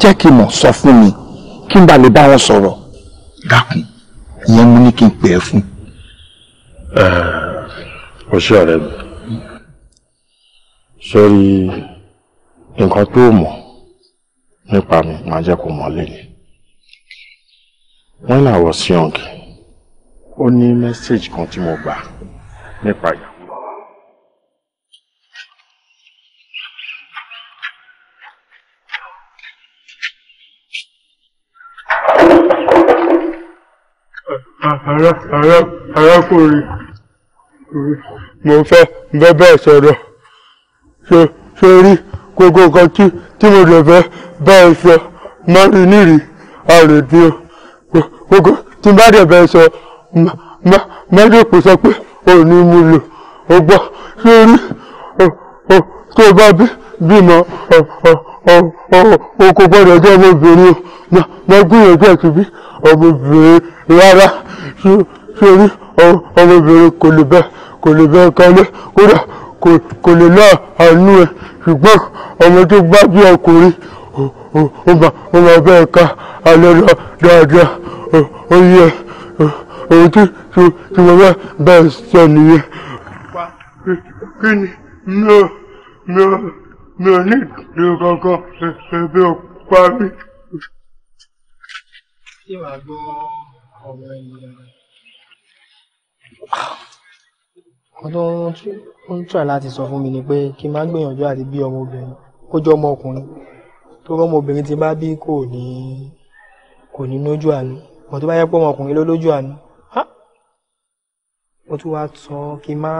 jẹ́ kí n mọ̀ sọ fún mi kí n bá lè bá wọn sọ̀rọ̀ dákun ìyẹn mú ní kí n pè é fún ọṣẹ ọ̀rẹ́ mi sórí nǹkan tó mọ̀ nípa mi máa jẹ́ kó mọ̀ lẹ́yìn when I was young only message mẹ́sẹ̀gì kan tí mo arákùnrin mo fẹ́ bẹ́ẹ̀ sọ̀rọ̀ sórí gbogbo nǹkan tí mo lè fẹ́ bẹ́ẹ̀ sọ má rí nírì àrèdí o gbogbo tí bá dẹ̀ bẹ́ẹ̀ sọ mẹ́díkù sọ pé òní mo lò ó gbọ́ sórí tó bá bímọ o kò gbọ́dọ̀ jẹ́ ọmọbìnrin o má gbìyànjú ẹ̀ sórí ọmọbìnrin kò lè bẹ́ẹ̀ kò lè bẹ́ẹ̀ kalẹ̀ kódà kò lè náà àánú ẹ̀ ṣùgbọ́n ọmọ tó bá bí ọkùnrin ó máa bẹ́ẹ̀ ka alẹ́ dáadáa ó yẹ òun tí tí mo bẹ́ẹ̀ bẹ́ẹ̀ sọ nìyẹn. kí ni mi ò mi ò mi ò ní ìdílé kankan ẹbí ò pa kí wàá gbọ́ ọ̀rọ̀ ìyá rẹ̀. Ọ̀kan tó ń try láti sọ fún mi ni pé kí n má gbìyànjú àti bí ọmọbìnrin kó jẹ́ ọmọkùnrin torí ọmọbìnrin tí n bá bí kò ní kò ní lójú àánú but tó bá jẹ́ pé ọmọkùnrin ló lójú àánú ah ó tún wá sọ kí n má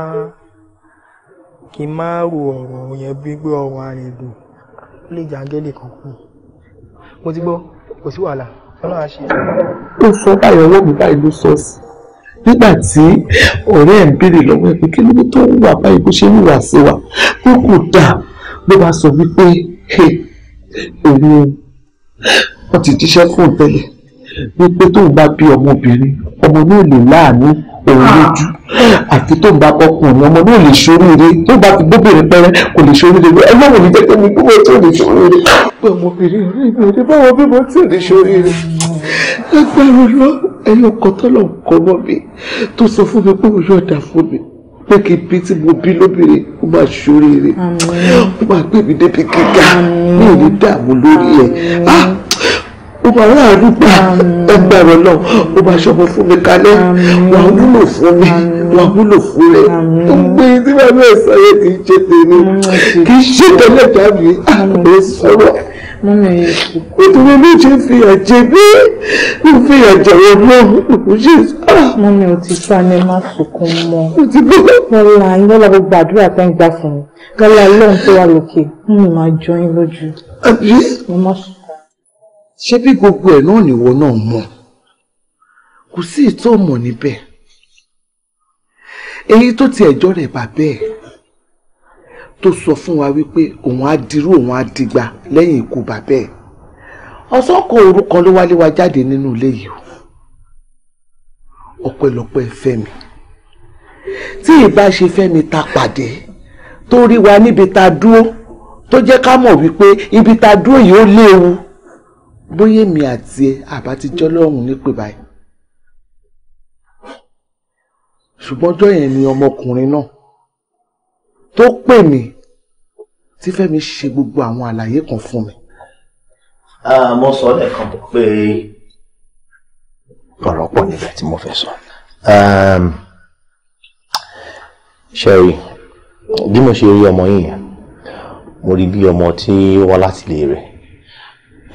kí n má ro ọ̀rọ̀ yẹn bíi pé ọ̀rọ̀ àrìndùn ó lè jẹ́ áńgẹ́lì kan kù mo ti gbọ́ kò sí wàhálà ọlọ́run á ṣe. tó sọ báyọ̀ wọ́n mi báyìí ló sọ sí i nígbà tí ọ̀rẹ́ ẹ̀ ń béèrè lọ́wọ́ ẹ̀ pé kí ló tó ń wà báyìí bó ṣe ń wà sí wa ó kò dà ló bá sọ wípé èmi o wọ́n ti jíṣẹ́ fún un tẹ́lẹ̀ wípé tóun bá bí ọmọbìnrin ọmọ náà lè láàánú òun lójú àti tóun bá bọkùnrin ọmọ náà lè ṣoríire tóun bá fi gbóbìnrin pẹ́rẹ́ kò lè ṣoríire ẹ lọ́wọ́ mi jẹ́ kí mi kúrò tó lè ṣoríire. ọmọbìnrin ọ̀rẹ́ mi ò ní báwọn bímọ lè ṣoríire lágbára lọ ẹyọ kan tọ́lọ̀ kọ́ mọ́ mi tó sọ fún mi pé mo yọ̀ dà fún mi pé kí n bí tí mo bí lóbìnrin ó máa ṣoríire ó máa gbé mi débi gíga mi ò ní dààmú lórí ẹ̀ ó bá láàánú gbà ẹgbẹ̀rún náà ó bá ṣọmọ fún mi kalẹ̀ wàá wúlò fún mi wàá wúlò fún rẹ̀ ó gbé tí bàbá ẹ̀ sọ̀rọ̀ kì í ṣe tèmi kì í ṣe tẹ̀lé dàbí àpè sọ̀rọ̀ nítorí ló ṣe fi ẹ̀jẹ̀ bí ló fi ẹ̀jẹ̀ rẹ̀ mọ́ òkú ṣe sá. mo o ti sá ní má sunkún mọ́ lọ́la lọ́la gbogbo àdúrà tó ń gbà fún mi lọ́la ilé ohun tó wà lókè mo máa jọ yín lójú mo má sunkún ṣé bí gbogbo ẹ̀ náà nìwọ náà mọ̀ kò sí ìtọ́ mọ̀ níbẹ̀ èyí tó ti ẹ̀jọ́ rẹ̀ bà bẹ́ẹ̀ tó sọ fún wa wípé òun á dirú òun á digba lẹ́yìn ikú bà bẹ́ẹ̀ ọ̀sán kan òru kan ló wálé wa jáde nínú ilé yìí ọpẹ́lọpẹ́ Fẹ́mi tí ìbá ṣe Fẹ́mi ta pàdé tó rí wa níbi ta dúró tó jẹ́ ká mọ̀ wípé ibi ta dúró yìí ó léwu bóyá èmi àti ẹ àbá ti jọ́ lọ́rùn nípè báyìí ṣùgbọ́n ọjọ́ yẹn ni ọmọkùnrin náà tó pè mí tí Fẹ́mi ṣe gbogbo àwọn àlàyé kan fún mi. mo sọ lẹ́ẹ̀kan pé ọ̀rọ̀ pọ̀ níbẹ̀ tí mo fẹ́ sọ. Sherry ehm, bí mo ṣe rí ọmọ yìí mo rí bí ọmọ tí wọ́n láti lè rẹ̀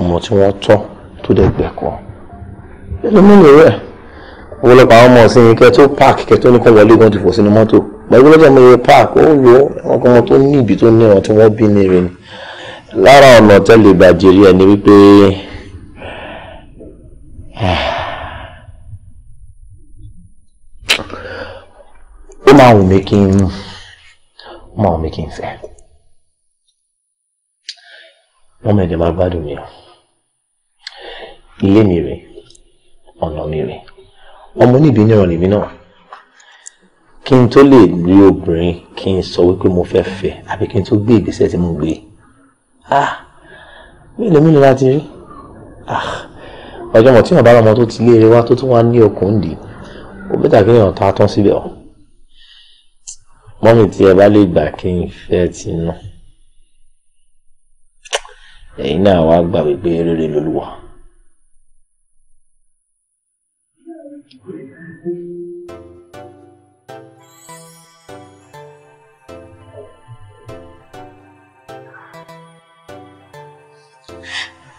ọmọ tí wọ́n tọ́ tó dẹ̀ gbẹ̀kọ́ ẹlòmínú rẹ̀ ọ̀pọ̀lọpọ̀ àwọn ọmọ ọ̀sìn yìí kẹ́ tó park kẹ́ tó ní kó wọlé gan ti fò sínú mọ́tò gbàgbé lọ́jọ́ mi rẹ park ó lọ àwọn ọmọ tó ní ibi tó ní ìran tí wọ́n bí ní rẹ ni lára ọ̀nà tẹ́lẹ̀ ìbàjẹ́ rí ẹ ni wípé ó máa wù mí kí n ó máa wù mí kí n fẹ́ wọ́n mẹ́ẹ̀dẹ̀ máa gbádùn mi o ilé mi rè ọ̀nà mi rè ọmọ níbi níran lèmi náà kí n tó lè rí obìnrin kí n sọ wípé mo fẹ́ fẹ́ àbí kí n tó gbé ìgbésẹ̀ tí mo gbé ah mélòó mélòó láti rí ah ọjọ́ mọ̀ tí wọ́n bá ọmọ tó ti léèrè wá tó tún wá ní okùn ń dì ó bẹ́tà kí èèyàn ta tán síbẹ̀ ọ́ mọ́mì tí ẹ bá lè gbà kí n fẹ́ ti nà ẹ̀yin náà wá gbà wípé rere lolúwa.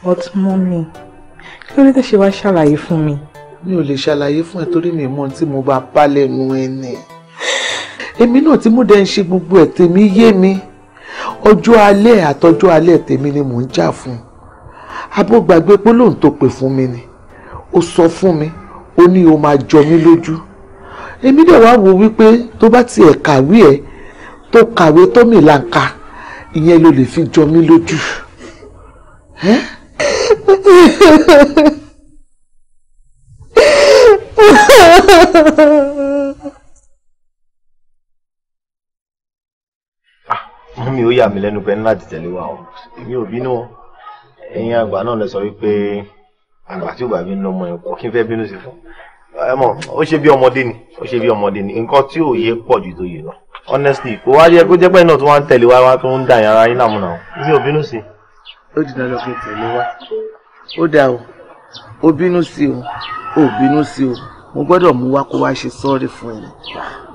but mummy kí ló dé tẹ́ ṣe wá ṣàlàyé fún mi. mi ò lè ṣàlàyé fún ẹ torí mi mọ tí mo bá bá lẹ́nu ẹni èmi náà tí mo dẹ̀ ń ṣe gbogbo ẹ̀ tèmi yé mi ọjọ́ alẹ́ àtọjọ́ alẹ́ tèmi ni mò ń jà fún abó gbàgbé pé lóun tó pè fún mi ni ó sọ fún mi ó ní o máa jọ mí lójú èmi dẹ̀ wá wò wípé tó bá tiẹ̀ kàwé ẹ̀ tó kàwé tó mì láǹkà ìyẹn ló lè fi jọ mí lójú. Eh? Ah, mi ò yà mí lẹ́nu pé ńlá ti tẹ̀lé wa o mi ò bínú o ẹ̀yin àgbà náà lè sọ wípé àgbà tí ò bá bínú ọmọ ẹ̀kọ́ kí n fẹ́ bínú sí fún ẹ mọ̀ ó ṣe bí ọmọdé ni ó ṣe bí ọmọdé ni nǹkan tí ò yé pọ̀ ju tó yé lọ honestly kò wá yẹ kó jẹ́ pé náà tó wá ń tẹ̀lé wa tó ń dà yàrá yín láàmú náà mi ò bínú sí. ó di dandan kí n tẹ̀lé wa ó dáa o ó bínú sí o ó bínú sí o mo gbọ́dọ̀ mú wá kó wá ṣe sọ́ọ̀rì fún ẹ̀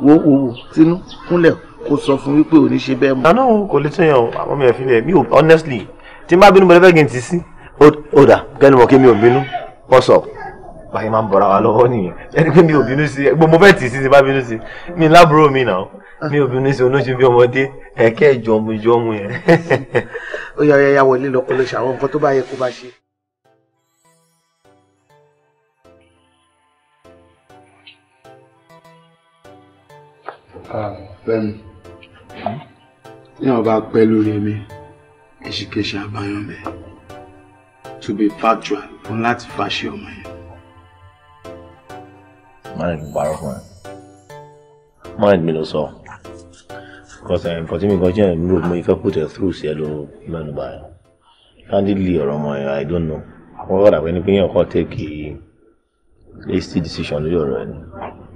wo wo wo tinú kúnlẹ̀ kó sọ fún wípé ò ní ṣe bẹ́ẹ̀ mọ́. àná kò lè tẹ̀yàn o àwọn mi ò fi lẹ̀ mi ò honestly tí n bá bínú bọ́lẹ́fẹ́ gẹ̀ ń ti sí ó dà kẹ́ni mọ̀ kí mi ò bínú what's up báyìí máa ń bọ̀ra wa lọ́wọ́ nìyẹn ẹni pé mi ò bínú sí ẹ mo fẹ́ tì í sí ti bá bínú sí mi lábúrò mi nà mi ò bínú sí olóṣù bí ọmọdé ẹ̀kẹ́ ìjọmujọmu yẹn. ó yà ọ̀yà ya wọlé lọ́kọ́ lọ́sọ̀ àwọn nǹkan tó bá yẹ kó bá ṣe. Fẹ́mi, ní ọba pẹ́ lórí mi, kèṣìkèṣì àbáyán bẹ̀. To be factual, fún láti fàṣẹ ọmọ yẹn. Máa ń parọ́ fún ẹ. Máa ń mi lọ sọ. Because eh, nǹkan tí mi kan jẹ́ ìlú mo fẹ́ put it through sí ẹ ló mẹ́nu bá yẹn. Candidly ọ̀rọ̀ ọmọ yẹn, I don't know. Àwọn ọ̀rọ̀ àgbẹ̀ ni pé yẹn kọ́ take hasty decision lórí ọ̀rọ̀ ẹ̀ ni.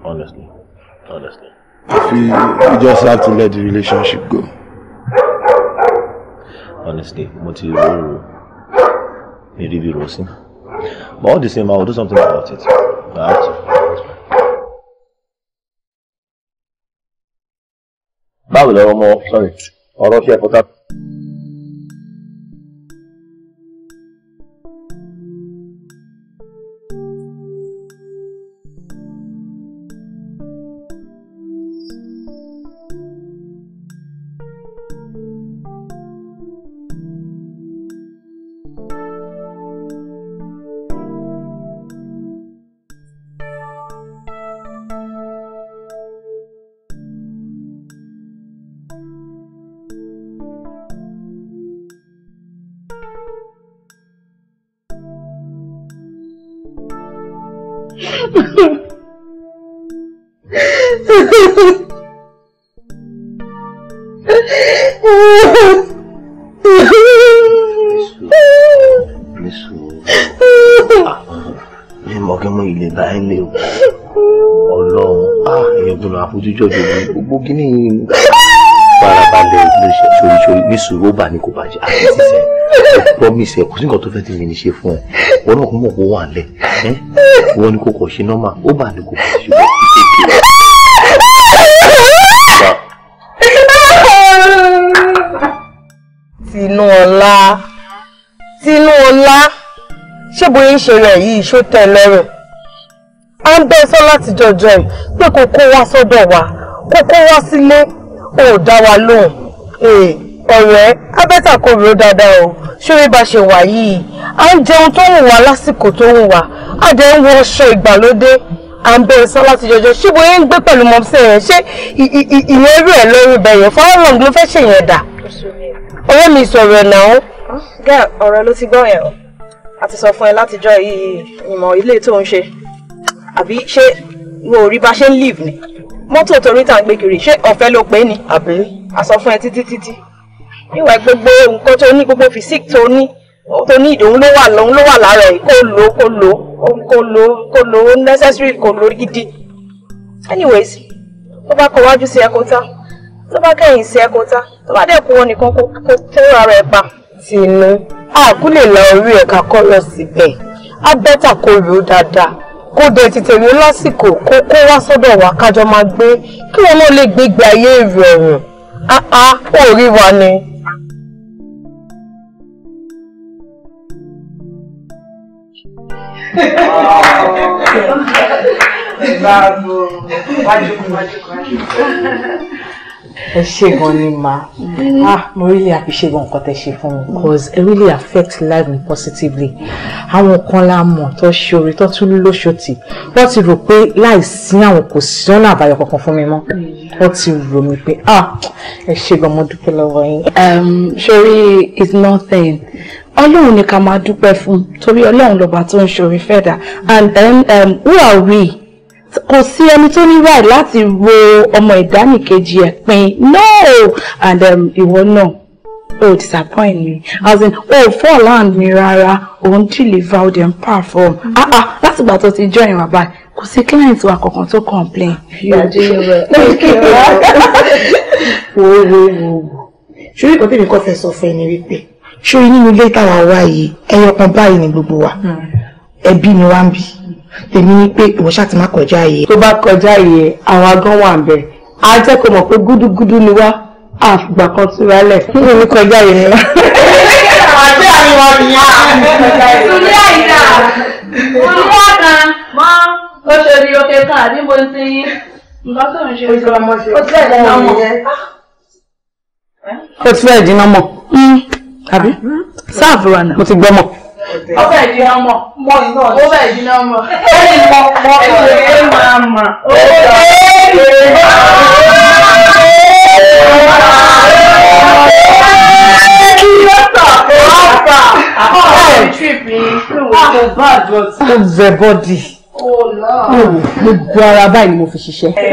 Honestly, honestly you, you just have to let the relationship go. Honestly, mo may be mi But all the same, I will do something about it. I have to. Báwo lọ́wọ́ mo sorry ọ̀rọ̀ ṣe ẹ̀fọ́ bá ní kò bá jẹ àti sísẹ ẹ promise ẹ kò sí nǹkan tó fẹ́ tí mi ní ṣe fún ẹ wọn náà kò mọ̀ kó wà lẹ̀ wọn ni kò kọ̀ ṣe nọ́mà ó bá ní kò kọ̀ ṣe wọ́n kékeré. Tinúọlá Tinúọlá ṣé bóyá ń ṣe rẹ̀ yìí ṣó tẹ́ lọ́rùn à ń bẹ́ sọ láti jọjọ ẹ̀ pé kò kó wá sọ́dọ̀ wa kò kó wá sílé ò dá wa lóhùn ọ̀rẹ́ abẹ́tà kò rò dáadáa o ṣórí bá ṣe wà yìí à ń jẹun tó wù wá lásìkò tó wù wá a dẹ̀ ń wọ ọṣọ ìgbàlódé à ń bẹ sọ láti jọjọ ṣé bóyá ń gbé pẹ̀lú mọ́mísẹ́ yẹn ṣé ìyẹn rú ẹ̀ lórí bẹ̀yẹn fọwọ́ ràn ló fẹ́ ṣèyẹn dà ọ̀rẹ́ mi sọ̀rọ̀ ẹ̀ náà. gẹ́ ọ̀rẹ́ ló ti gbọ́ yẹn o a ti sọ fún ẹ látijọ́ yìí ìmọ̀ ilé tó ń ṣe àbí ṣé wo ò rí bá ṣe ń leave ni mọ́tò torí tá à ń gbé kiri ṣé ọ̀fẹ́ ló pé ni àbí a sọ fún ẹ títí títí ìwà gbogbo nǹkan tó ní gbogbo physique tó ní tó ní ìdòun ló wà lòun ló wà lára ẹ̀ kó lò kó lò kó lo kó lo necessary kó lo gidi anyways tó bá kọ wájú sí ẹ̀kọ́ tá tó bá kẹ́yìn sí ẹ̀kọ́ tá tó bá dẹ̀ kú wọn nìkan kó tó ara ẹ̀ pa. tinú àkú lè la orí ẹ̀ka kọ́ lọ síbẹ̀ á bẹ́tà kó rò dáadáa kó dẹ̀ ti tèmi lásìkò kó kó wá sọ́dọ̀ wa kájọ máa gbé kí wọn náà lè gbégbé ayé èrò Ah, ó rí wa ni. Bravo. Vai kan, wájú kan, wájú kan ẹ ṣe gan ni ma mm-hmm. ah mo really appreciate gan nǹkan tẹ ṣe fún mi because it really affects life me positively àwọn kan la mọ̀ tó ṣoore tó tún lóṣòtì wọ́n ti rò pé láìsí àwọn kò sí ọ̀nà àbáyọ kankan fún mi mọ́ wọ́n mm-hmm. ti rò mí pé ah ẹ ṣe gan mo dúpẹ́ lọ́wọ́ yín. Um, sori is nothing ọlọ́run ni ká máa dúpẹ́ fún torí ọlọ́run lọ́ba tó ń ṣoore fẹ́dà and then um, who are we? kò sí ẹni tó ní right láti ro ọmọ ẹ̀dá nìkejì pin no and um, ìwọ um, náà o oh, disappoint me as in o oh, fall land, mi rárá òun deliver o dem perform mm-hmm. ah ah láti ìgbà tó ti join wa báyìí kò sí client wa kankan tó complain. wo wo wo wo ṣé ìkọ́ tèmi kọ́ fẹ́ sọ fún ẹni wípé ṣé inú ilé táwa wá yìí ẹyọ kan báyìí ni gbogbo wa hmm. ẹbí ni wá ń bí tèmi ni pé ìwọ ṣáà ti má kọjá yìí. tó bá kọjá yìí àwọn agán wà ń bẹ á jẹ́ kó mọ̀ pé gúdúgúdú ni wá àfìgbà kan ti rálẹ̀. nínú mi kọjá yìí ni wá. àti àríwá nìyẹn. ìtúlé àyíká ìtúlé kan mọ́ ó ṣe ní oke ká níbo ti nǹkan tó ń ṣe. ó ti rọmọ dín náà mọ̀. ti rẹ̀ dín náà mọ̀. àbí sáà náà. mo ti gbọ́ mọ̀ ọbẹ̀ ìdí náà mọ̀ mọ̀ iná ọ̀dọ̀ ọbẹ̀ ìdí náà mọ̀ ẹ̀yìn mọ̀ mọ̀ ẹ̀yẹ máa mọ̀ ẹ̀yẹ máa mọ̀ kí ló tọ̀ ọ̀pá ọ̀pá trip ni kò bá jọ sí. everybody gbogbo ara báyìí ni mo fi ṣiṣẹ́. ẹ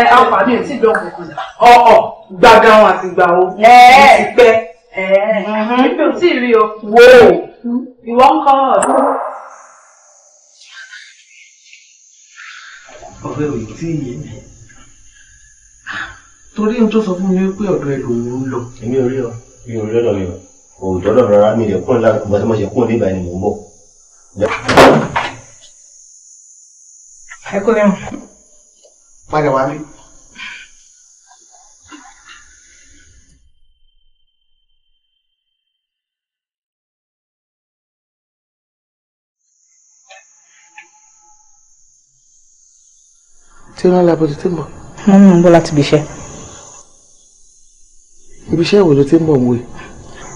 ẹ àǹfààní ò tí ì dọ̀kùnkùn. ọ̀ ọ̀ gbàgbà wọn àti gbà wọn. ẹ ẹ ti pẹ́. Èmi tí ì o. Wo ìwọ ń kọ́ ọ̀. Ọ̀rẹ́ ò tí ì yé mi. Torí ohun tó sọ fún mi pé ọ̀dọ̀ ẹ lòun ń lọ. Èmi ò rí ọ. Mi ò rí ọ̀dọ̀ mi o. Kò dọ́dọ̀ rárá mi lè kúrò lára ìgbà tí mo ṣe kúrò níbà ni mò ń bọ̀. Ẹ kúrò. Padà wá mi. tí rán labọ tó ti ń bọ̀. wọ́n mú un bọ̀ láti ibiṣẹ́. ibiṣẹ́ wo ló ti ń bọ̀ wòye.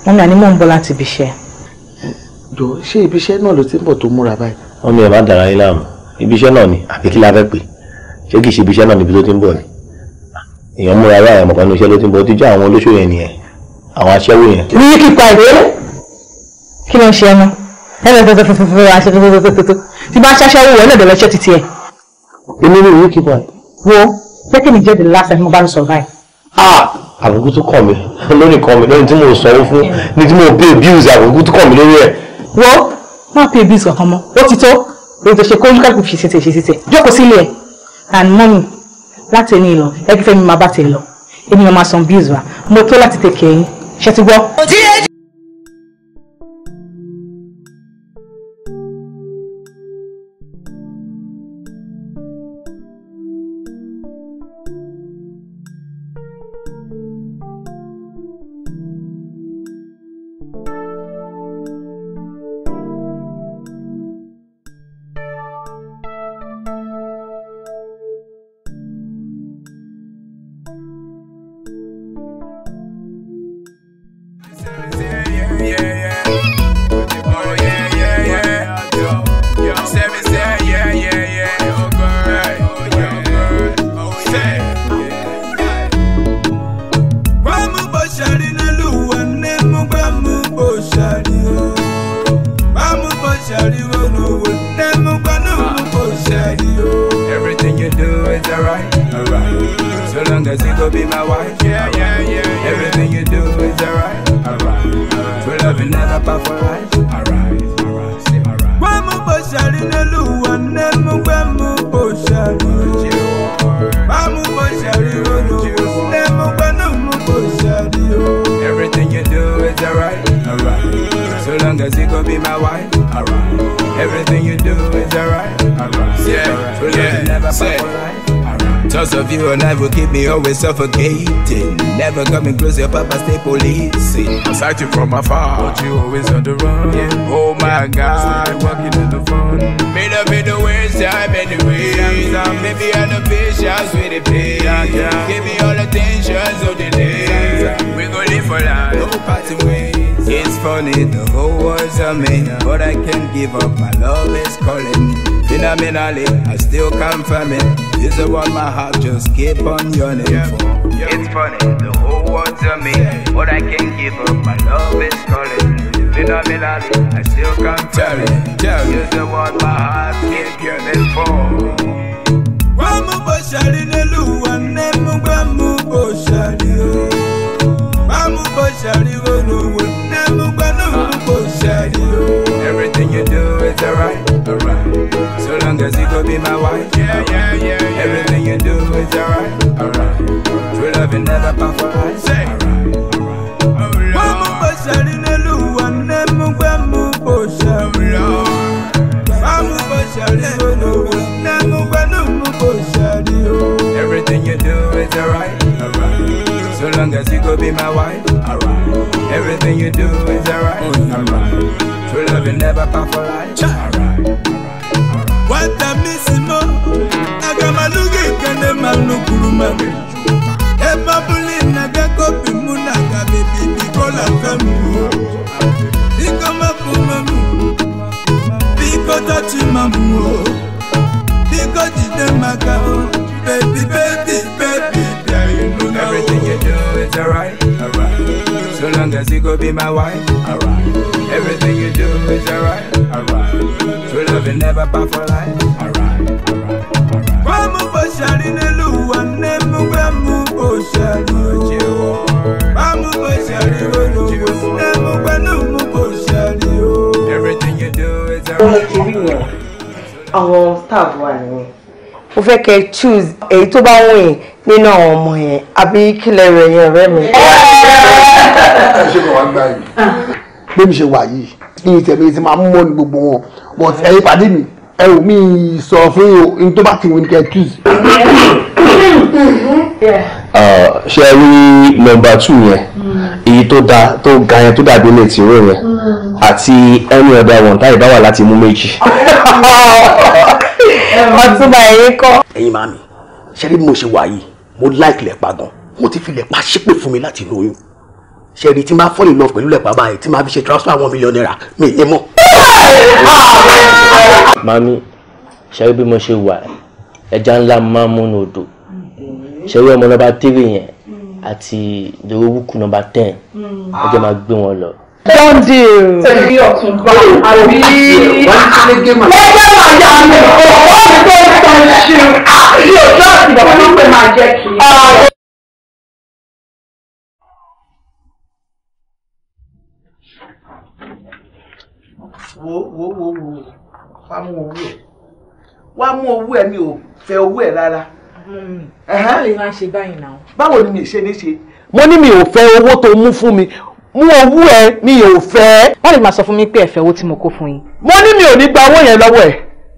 wọ́n mi àní mò ń bọ̀ láti ibiṣẹ́. jọ ṣé ibiṣẹ́ náà ló ti ń bọ̀ tó múra báyìí. wọ́n mi ẹ̀ má dàrá yín láàmú ibiṣẹ́ náà ni àbí kí la fẹ́ pè ṣé kì í ṣe ibiṣẹ́ náà níbi tó ti ń bọ̀ ni. èèyàn múra báyìí àmọ̀kan ní iṣẹ́ ló ti ń bọ̀ ti jẹ́ àwọn olóṣèlú yẹn nìyẹn àwọn aṣẹ́wó yẹn. mi kì í pa ìwé kí ló ń ṣe ẹnu ẹ èmi ni ìwé kíkọ ẹ. wo sẹ́kìnì jẹ́ the last time mo bá lọ sọ̀rọ̀ báyìí. àbùkù tó kàn mí lónìí kàn mí lónìí tí mo sanwó fún ní tí mo pay bills àbùkù tó kàn mí lórí ẹ̀. wo má pay bills kankan mọ́ ó ti tó èyí tó ṣe kó olúkàlùkù fi ṣètè ṣe ṣètè jókòó sílé ẹ̀ and mọ́mù láti ẹni ìlọ ẹgbẹ́ fẹ́mi máa bá ti lọ èmi máa san bills wa mo tó láti tẹ̀kẹ́ yín ṣe ti gbọ́. suffocating. Never coming close, your papa stay policing. I sight you from afar, but you always on the run. Yeah. Oh my God, so walking in the fun. Made up in the worst time anyway. Sometimes maybe all the patience with the pain. Yeah, yeah. Give me all the tensions of the day. We gon' live for life, no parting ways. It's funny, the whole world's a man, but I can't give up. My love is calling. Phenomenally, I still confirm it. This is the my heart just keep on yearning for. It's funny, the whole world's on me, but I can't give up. My love is calling. Phenomenally, I still confirm Jerry, it. Jerry. You're the one my heart keep yearning for. Gwamu boshari nelu wanemu gwamu o. Everything you do is alright, alright. So long as you could be my wife, yeah, yeah, yeah. yeah. Everything you do is alright, alright. True love is never perfect, say. Oh, oh, Everything you do is alright, alright. So long as you could be my wife, alright. Everything you do is alright, alright. Oh, True love you never come for life. Alright, alright. Watamissimo, agamaluge kende manukuruma. Eba buli naga kopi muna kabi bibi kola kamu. Biko mapumamu, biko tati mamu. Biko jide makao, baby baby baby. Everything you do is alright, alright. So long as you go be my wife, alright. Everything you do. is alright, alright. True love will never pass for life, alright, alright, alright. Everything you do àwọn staff wà ní. Mo fẹ́ kẹ́ choose èyí tó bá wù nínú àwọn ọmọ yẹn àbí kílẹ̀ rẹ̀ yẹn ọ̀rẹ́ mi. Ṣé kò wá gbá yìí? Ah. Bí mi ṣe wà yìí, ní ìtẹ̀mí ti máa ń mọ́ ní gbogbo wọn but ẹ̀yin pàdé mi ẹ ò mí sọ fún o ní tó bá ti wù ní kẹ́ choose. Uh, ẹ rí nọ́mbà two yẹn mm. èyí tó da tó ga yẹn tó dàbí ilé tìró yẹn mm. àti any other one táyì bá wà láti mú méjì. ọtúbà èyí kọ́. ẹ̀yin màmí ṣe rí bí mo ṣe wà yìí mo láìkì lẹ̀ pa gan mo ti fi pa ṣépè fún mi láti lóyún ṣẹ̀rí tí máa fall in love pẹ̀lú lẹ́pàá báyìí tí máa fi ṣe transfer one million naira mi ní mọ̀. mami ṣẹ́rí bí mo ṣe wà ẹja ńlá máa ń múnú odò ṣẹ́rí ọmọ nọmba tírì yẹn àti dorowúkú nọmba ten ẹjọ́ máa gbé wọn lọ. Don't deal. Tẹ̀lé ọ̀tún bá àbí. Wọ́n ti lé gémà. Lẹ́gbẹ́ máa yà mí. Ọ̀pọ̀ ọ̀pọ̀ ìṣe àti òjò àti ìdàgbàsókè máa jẹ́ kí. Àwọn ah, wo wo wo wo wá mú owó ẹ wá mú owó ẹ mi ò fẹ́ owó ẹ rárá. Mm. báwo ni máa ṣe báyìí náà. báwo ni mi ṣe ní ṣe mo ní mi ò fẹ́ owó tó mú fún mi mú owó ẹ mi ò fẹ́. wọ́n lè máa sọ fún mi pé ẹ̀fẹ́ owó tí mo kó fún yín. mo ní mi ò ní gba owó yẹn lọ́wọ́ ẹ̀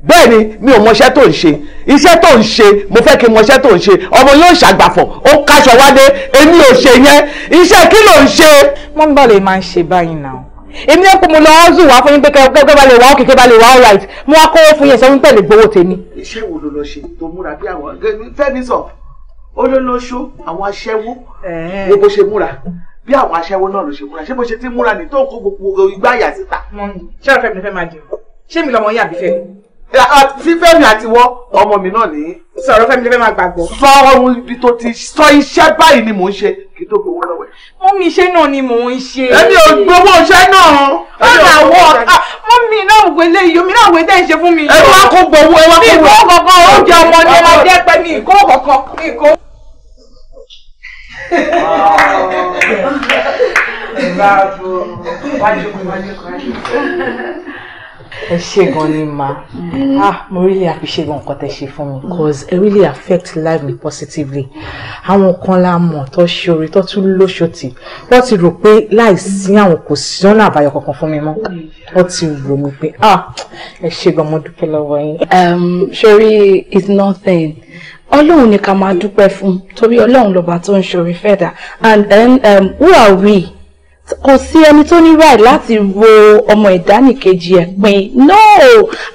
bẹ́ẹ̀ ni mi ò mọṣẹ́ tó ń ṣe iṣẹ́ tó ń ṣe mo fẹ́ kí n mọṣẹ́ tó ń ṣe ọmọ yóò ṣàgbàfọ̀ ó káṣọ wádé èmi ò ṣe yẹn iṣẹ́ kí ló ń ṣe. wọ́n ń bọ̀ lè máa ń ṣe báyìí náà èmi náà kó mo lọ ọ́zù wá fún yín pé kẹ́kẹ́ bá lè wá òkè kẹ́kẹ́ bá lè wá ọ̀ráìtì mo wá kọ́wọ́ fún yín ẹ̀sọ́ wípé lè gbowó tèmi. iṣẹ́ wo ló lọ ṣe tó múra bí àwọn fẹ́mi sọ ó ló lọ ṣó àwọn aṣẹ́wó wo bó ṣe múra bí àwọn aṣẹ́wó náà ló ṣe múra ṣé bó ṣe ti múra ní tó ń kó gbogbo igbá yà síta. ṣé àfẹ́ mi fẹ́ máa jẹun ṣé mi lọmọ yín àbí fẹ́ fífẹ́mi àti wọ́ ọmọ mi náà nìyí. sọ̀rọ̀ fẹ́mi lè fẹ́ máa gbàgbọ́. sọ ibi tó ti sọ iṣẹ́ báyìí ni mò ń ṣe kí tó gbowó lọ́wọ́ mọ́mí iṣẹ́ náà ni mò ń ṣe. ẹni ò gbowó iṣẹ́ náà. ọ̀nà àwọ̀ mọ́mí náà wò lé iye omi náà wò dẹ́ ṣe fún mi. ẹ wá kó gbowó ẹ wá kó gbowó. mi ìkó kankan oúnjẹ ọmọ ni mo jẹ pé mi ìkó kankan mi ìkó. wájú wájú wájú ẹ ṣe gan ni ma ah mo really appreciate gan nǹkan tẹ ṣe fún mi cause it really affect life me positively àwọn kan la mọ̀ tó ṣoore tó tún lóṣòtì wọ́n ti rò pé láìsí àwọn kò sí ọ̀nà àbáyọ kankan fún mi mọ́ wọ́n ti rò mí pé ah ẹ ṣe gan mo dúpẹ́ lọ́wọ́ yín. Um, sori it's nothing ọlọ́run ni ká máa dúpẹ́ fún torí ọlọ́run lọ́ba tó ń ṣoore fẹ́dà and then um, who are we? kò sí ẹni tó ní right láti ro ọmọ ẹ̀dá nìkejì ẹ̀ pin no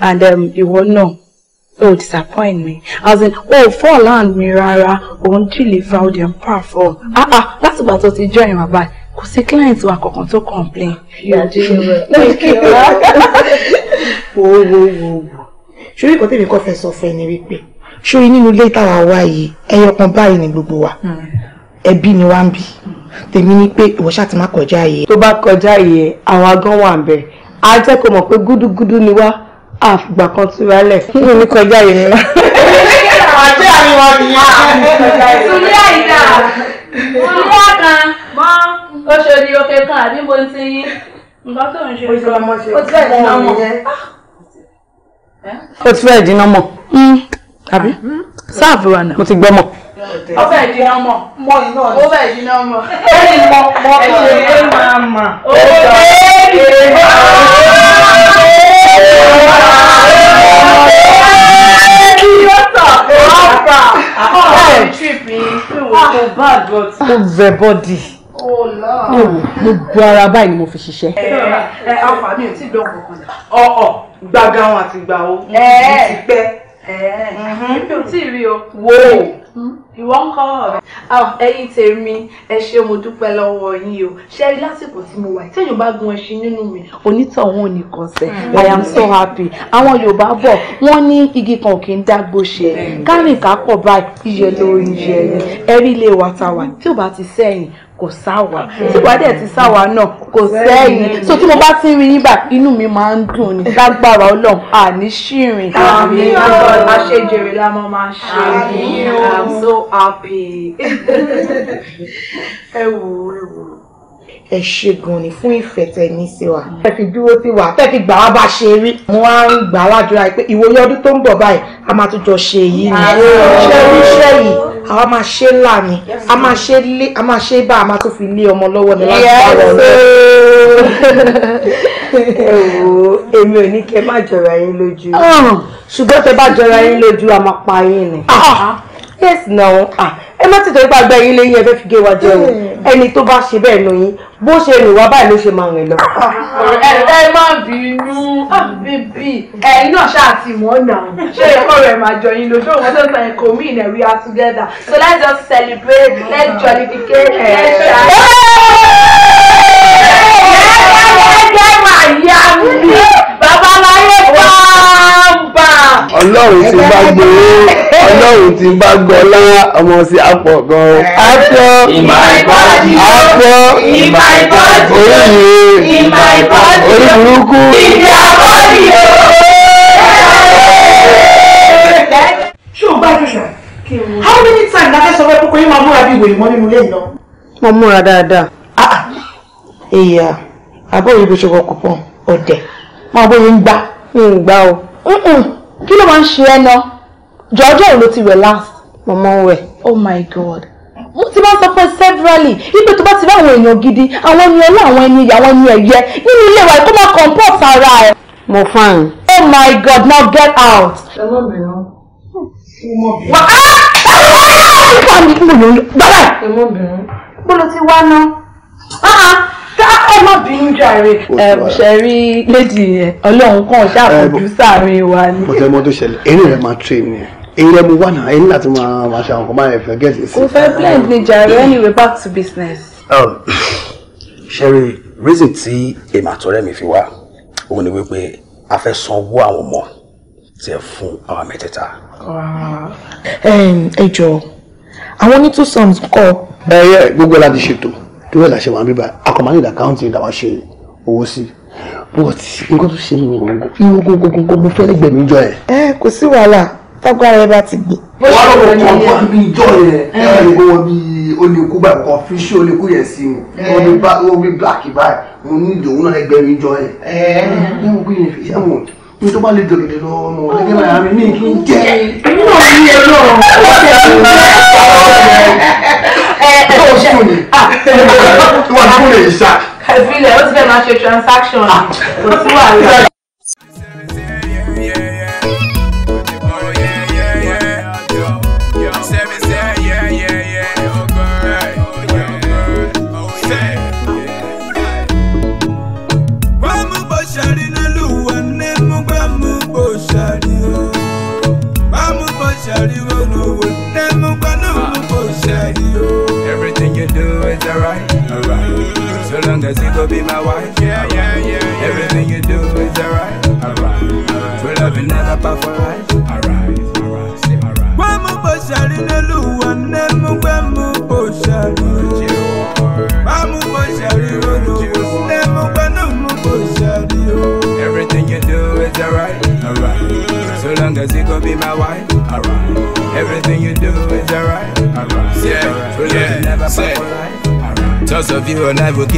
and um, ìwọ um, náà oh disappoint me as in oh fall hand mi rárá òun deliver ó dem perform ah ah látìgbà tó ti join wa báyìí kò sí client wa kankan tó complain. wo wo wo wo ṣorí kan tèmi kọ́ fẹ́ sọ fún ẹni wípé ṣorí nínú ilé táwa wá yìí ẹyọ kan báyìí ni gbogbo wa hmm. ẹbí ni wá ń bí. Mm tèmi ni pé ìwọ ṣáà ti má kọjá yìí. tó bá kọjá yìí àwọn agán wà ń bẹ á jẹ́ kó mọ̀ pé gúdúgúdú ni wá àfìgbà kan tú wálẹ̀. mi ní kọjá yìí ni. àti àríwá nìyẹn. sùnmí àyíká sùnmí àkàn mọ́ oṣòdì òkè kan àbí mo ti yín nǹkan tó ń ṣe. o ti fẹ́ dín náà o ti fẹ́ dín náà hmm. àbí hmm. sáà fi wà náà. mo ti gbọ́ mọ̀ ọbẹ̀ ìdíná mọ̀ mọ iná ọ̀dọ̀ ọbẹ̀ ìdíná mọ̀ ẹni mọ mọ ẹni ẹ máa mà ó bẹ̀rẹ̀ ẹ máa ó vẹ bọ́dì gbogbo ara báyìí ni mo fi ṣiṣẹ́. ẹ ẹ àǹfààní ò tí dọ̀gbọ̀n kan dà. ọ̀ ọ̀ gbàgà wọn àti gbà ó mo ti pẹ́. ẹ ẹ mi ò tí ì rí o. wo ìwọ ń kọ́ ọ̀rẹ́. Ah, ẹ̀yin tèmi ẹ ṣé mo dúpẹ́ lọ́wọ́ yín o ṣe rí lásìkò tí mo wà téèyàn bá gun ẹṣin nínú mi onítọ̀hún ò ní kọsẹ̀ mm. i am so happy àwọn yorùbá bọ̀ wọ́n ní igi kan kì í dágbó ṣe mm. kárìn kákọ̀ báyìí iyẹ lórí iyẹ ẹ̀rí ilé wa ta wà tí ò bá ti sẹ́yìn kò sáwà ah. tí wàá dẹ̀ ti sáwà náà kò sẹ́yìn so tí mo bá ti rin yín inú mi máa ń dùn ní lágbára ọlọ́run àní ṣìrìn. àmì ọ̀rọ̀ àṣejèrè la mo máa ṣe àmì i'm so happy. ẹ wò ó ẹ wò ó. ẹ ṣe gan ni fún ìfẹ́ tẹ ní sí wa. ẹ fi dúró sí wa tẹ fi gbà wá bá ṣe rí. mo wá ń gbà ládùúrà pé ìwòye ọdún tó ń bọ̀ báyìí a máa tún jọ ṣe èyí ni. ṣé iṣẹ́ yìí àwa máa ṣe là ni a máa ṣe lé a máa ṣe bá a máa tún fi lé ọmọ lọ́wọ́ ni láti bá wọn lọ. ẹ wo èmi ò ní kẹ́ má jọra yín lójú ah. ṣùgbọ́n tẹ́ bá jọra yín lójú a máa pa yín ni. Ah yes now ah ẹ má tètè ipa gbẹ ilé yín ẹ fẹ́ fi gé wa jẹ o hmm. ẹni tó bá ṣe bẹ́ẹ̀ nù yín bó ṣe rìn wá báyìí ló ṣe máa rìn lọ. Ah, ẹ má bínú ah, bíbí ẹ̀yin náà ṣáà ti mọ̀ ọ̀nà ṣé ẹ̀kọ́ rẹ̀ máa jọ yín lójú òun tó ń sàn ẹ̀kọ́ mi ìnẹ̀ we are together so let's just celebrate let's jollificate let's ṣáà. Yeah, yeah, yeah, yeah, ẹ máa yá mi ọlọ́run ti bá gbé ọlọ́run ti bá gbọ́lá ọmọ sí apọ̀ gan-an. apọ̀ ìmọ̀ ìbọ̀dì apọ̀ ìmọ̀ ìbọ̀dì oríyìn ìmọ̀ ìbọ̀dì orí burúkú ìdí àbọ̀dì ṣé o bá jù sà how many times la fẹ́ sọ fẹ́ kókó yín máa múra bí ìwé ìmọ̀ nínú ilé ìlọ. mo múra dáadáa. èèyàn ah, ah. àbọ̀ òyìnbó ṣe kọkọ̀ pọ̀ ọ̀dẹ̀ máa bóyá ń gbá. ń gbá o kí ló máa ń ṣe ẹ́ náà jọjọ́ ìlú ti wẹ̀ last. mọ̀mọ́ wẹ̀. oh my god mo ti máa ń sọ fún ẹ severally wípé tó bá ti rí àwọn èèyàn gidi àwọn ẹni ọlá àwọn ẹni ìyá àwọn ẹni ẹ̀yẹ nínú ilé wa kó máa comport ara ẹ. mo fàn. oh my god now get out. ẹ má bẹ̀rẹ̀ mo mọ̀ bẹ̀rẹ̀. wà á bá mi kí mo lè gbọ́dọ̀. ẹ má bẹ̀rẹ̀. bó ló ti wá náà. Ah, ah ẹ má bínú jàre ṣe rí lady yẹn ọlọ́run kan ṣàkójú sáàrin wa ni. mo tẹ́ mọ́ tó ṣẹlẹ̀ eré rẹ̀ máa train ni eré mu wà náà ẹni láti máa máa ṣe àwọn kan máa yẹ fẹ́ gẹ̀ẹ́sì sí. kò fẹ́ blend ni jàre anyway back to business. Um, ṣeré reason tí èmi àtọ̀rẹ́ mi fi wá òun ni wípé a fẹ́ sanwó àwọn ọmọ tiẹ̀ fún àwa mẹ́tẹ̀ẹ̀ta. ẹ jọ àwọn onítùsọ̀ms kọ. ẹ yẹ gbogbo ẹ láti ṣètò torí ẹ̀ làṣẹ she want bíbá akọ̀mọ́nì I command the owó that but nǹkan tó ṣe yìí irú gbogbogbò mo fẹ́ lẹ́gbẹ̀ẹ́ mi jọ go go go sí wàhálà tágbára ẹ bá ti gbìn. wọ́n á lọ kọ́ wá bí ìjọ yẹn ẹ ẹ gbọ́ wọn bí olùkú báyìí kọ́ fi ṣé go yẹn sí mi wọ́n bí black báyìí mo ní ìdòwú náà ẹgbẹ̀ẹ́ mi jọ ẹ̀ ẹ̀ ẹ̀ ẹ̀ mo kí ni fi ṣẹ́ wọn n tó bá lè jọ gèdè lọ́wọ́ mọ́ lẹ́gẹ́ máa mi ní kí n jẹ́ tó o ṣe òní wọn tún lè ṣá. kàfílẹ̀ ó ti fẹ́ máa ṣe transaction kò sí wàhálà.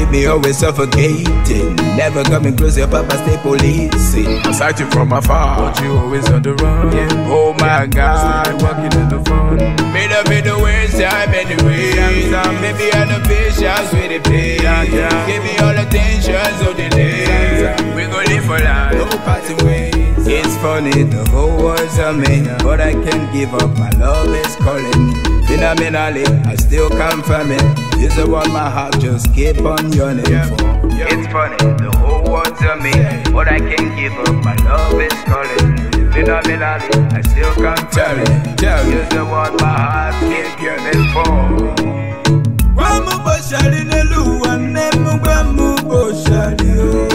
leave me always suffocating. Never coming close, your papa stay policing. I sight you from afar, but you always on the run. Yeah. Oh my God, so walking in the fun. Made up in the worst time anyway. Sometimes maybe I'm the patience with the pain. Yeah, yeah. Give me all the attention, of the day. We gon' live for life, no parting ways. It's funny, the whole world's a me, but I can't give up. My love is calling. Phenomenally, I still confirm it. This is what my heart just keep on yearning for. It's funny, the whole world's to me, but I can't give up. My love is calling. Phenomenally, I still can't tell it. This is what my heart keep yearning for. Wamu boshali nelu wanemu wamu boshali o.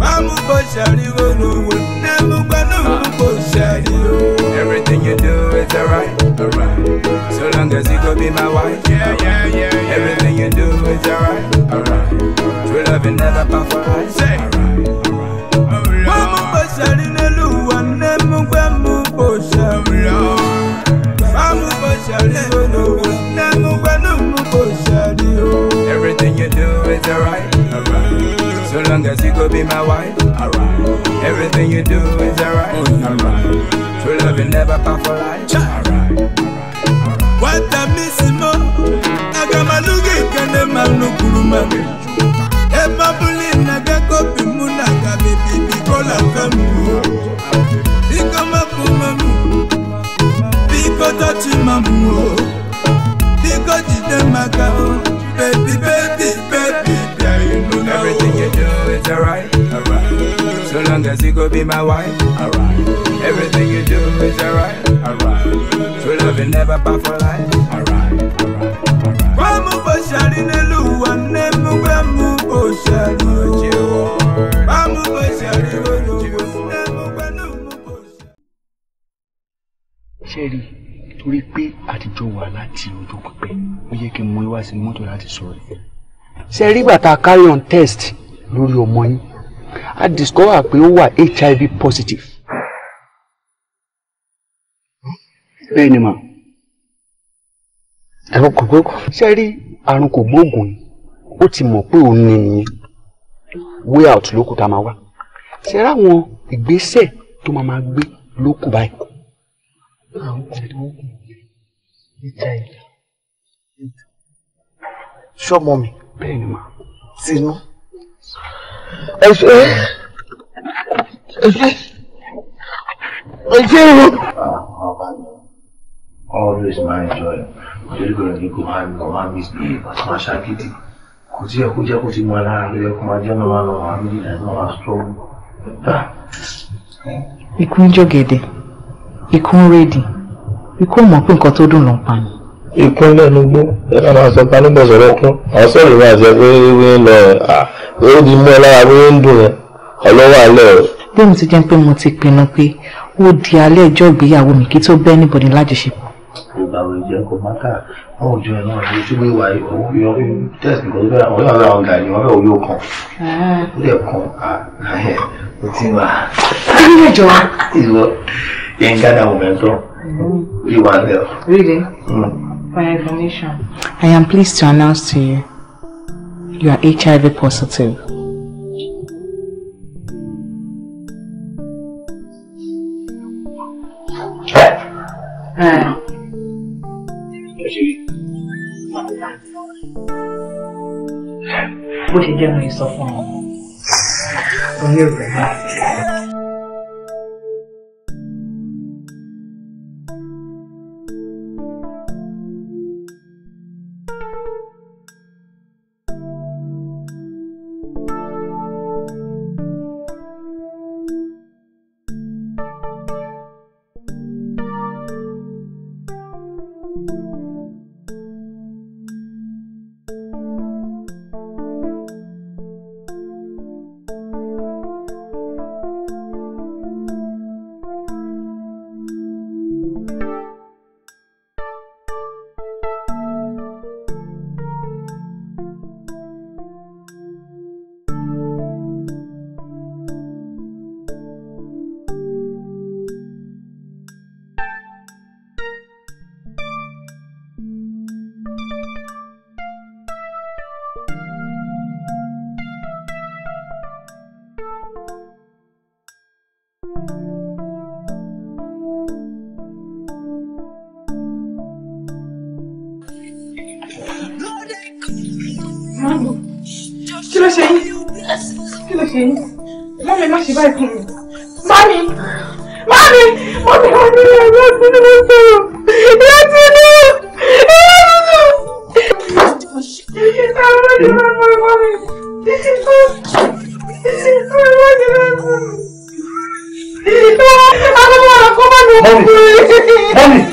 Wamu boshali wonu wanemu wamu boshali o. Everything you do is alright. Long as you go be my wife. Yeah, yeah, yeah. yeah. Everything you do is alright. Alright. True love you never perfect. Say. Everything you do is alright, alright. So long as you go be my wife, alright. Everything you do is alright, alright. True love you never pass for life. nukuruma emabuli nagakopi munaga bibibi kolakamu biko mapumamu biko totimamu o biko jidemaka o baby baby baby Everything you do is alright, alright. So long as you go be my wife, alright. Everything you do is alright, alright. True love will never part for life, alright. láti sọ̀rọ̀ yìí ṣe rí bàtà carry on test lórí ọmọ yín a discover pé ó wà HIV positive bẹ́ẹ̀ ni mà ẹ̀rọ kò gbóògùn ṣe rí àrùn kò gbóògùn yìí ó ti mọ̀ pé òun ni nìyẹn way out ló kù tá a máa wá ṣe rá àwọn ìgbésẹ̀ tó máa máa gbé ló kù báyìí. àwọn kò gbóògùn HIV ṣọmọ mi. bẹ́ẹ̀ ni mà. tinú. ẹ ṣe ẹ ṣe ẹ ṣe o. always my joy ojúlùkọ̀rọ̀ ni kò máa nà máa mi bí àti máa ṣàkìtì kò tí ẹ kó jẹ́ kó ti mọ alára ló yẹ kó máa jẹ́ náà lọ́wọ́ àmì ìdáná wa sọ́ọ́. ikú ń jọ gèdè ikú ń rédì ikú mọ̀ pé nǹkan tó dùn ló pa ni ikún lẹ́nu gbó ẹ̀ka máa sọ panú bọ̀ sọ̀rọ̀ kún àwọn sọ̀rọ̀ mi àti ẹgbẹ́ wí lọ ó di mọ́ lára bí ó ń dùn yẹn ọlọ́wọ́ alẹ́ rẹ̀. bí mo ti jẹ́ pé mo ti pinnu pé ó di alẹ́ ọjọ́ ìgbéyàwó mi kí tó bẹ́ẹ̀ níbọ̀dì lájọṣepọ̀. ìgbà wo ìjẹ́ kò má kà á wọ́n ju ẹ̀rọ àti ìṣubú ìwà ìyọ tẹ̀sí nǹkan tó fẹ́ àwọn ọ̀rẹ́ àwọn ọ̀gá ni wọ́n fẹ́ òye ọkàn ah. ó lè kàn á láyẹ̀ ó ti wà. kí ni ìjọ wa. ìwọ yẹn ń gádà wò mẹ́tọ́ lẹ́ọ̀. For your information, I am pleased to announce to you, you are HIV positive. bó ṣe you? mi sọ fún ọ. Oyè rẹ̀ náà. kí ló ṣe yín kí ló ṣe yín mọ́mí má ṣe báyìí fún mi mọ́mí mọ́mí mọ́mí wọ́n ti lè wọ́n ti lè sọ̀rọ̀ yóò ti lè àwọn ọmọdé máa ń bọ̀ mọ́mí àwọn ọmọdé máa ń bọ̀ mọ́mí. mọ́mì mọ́mì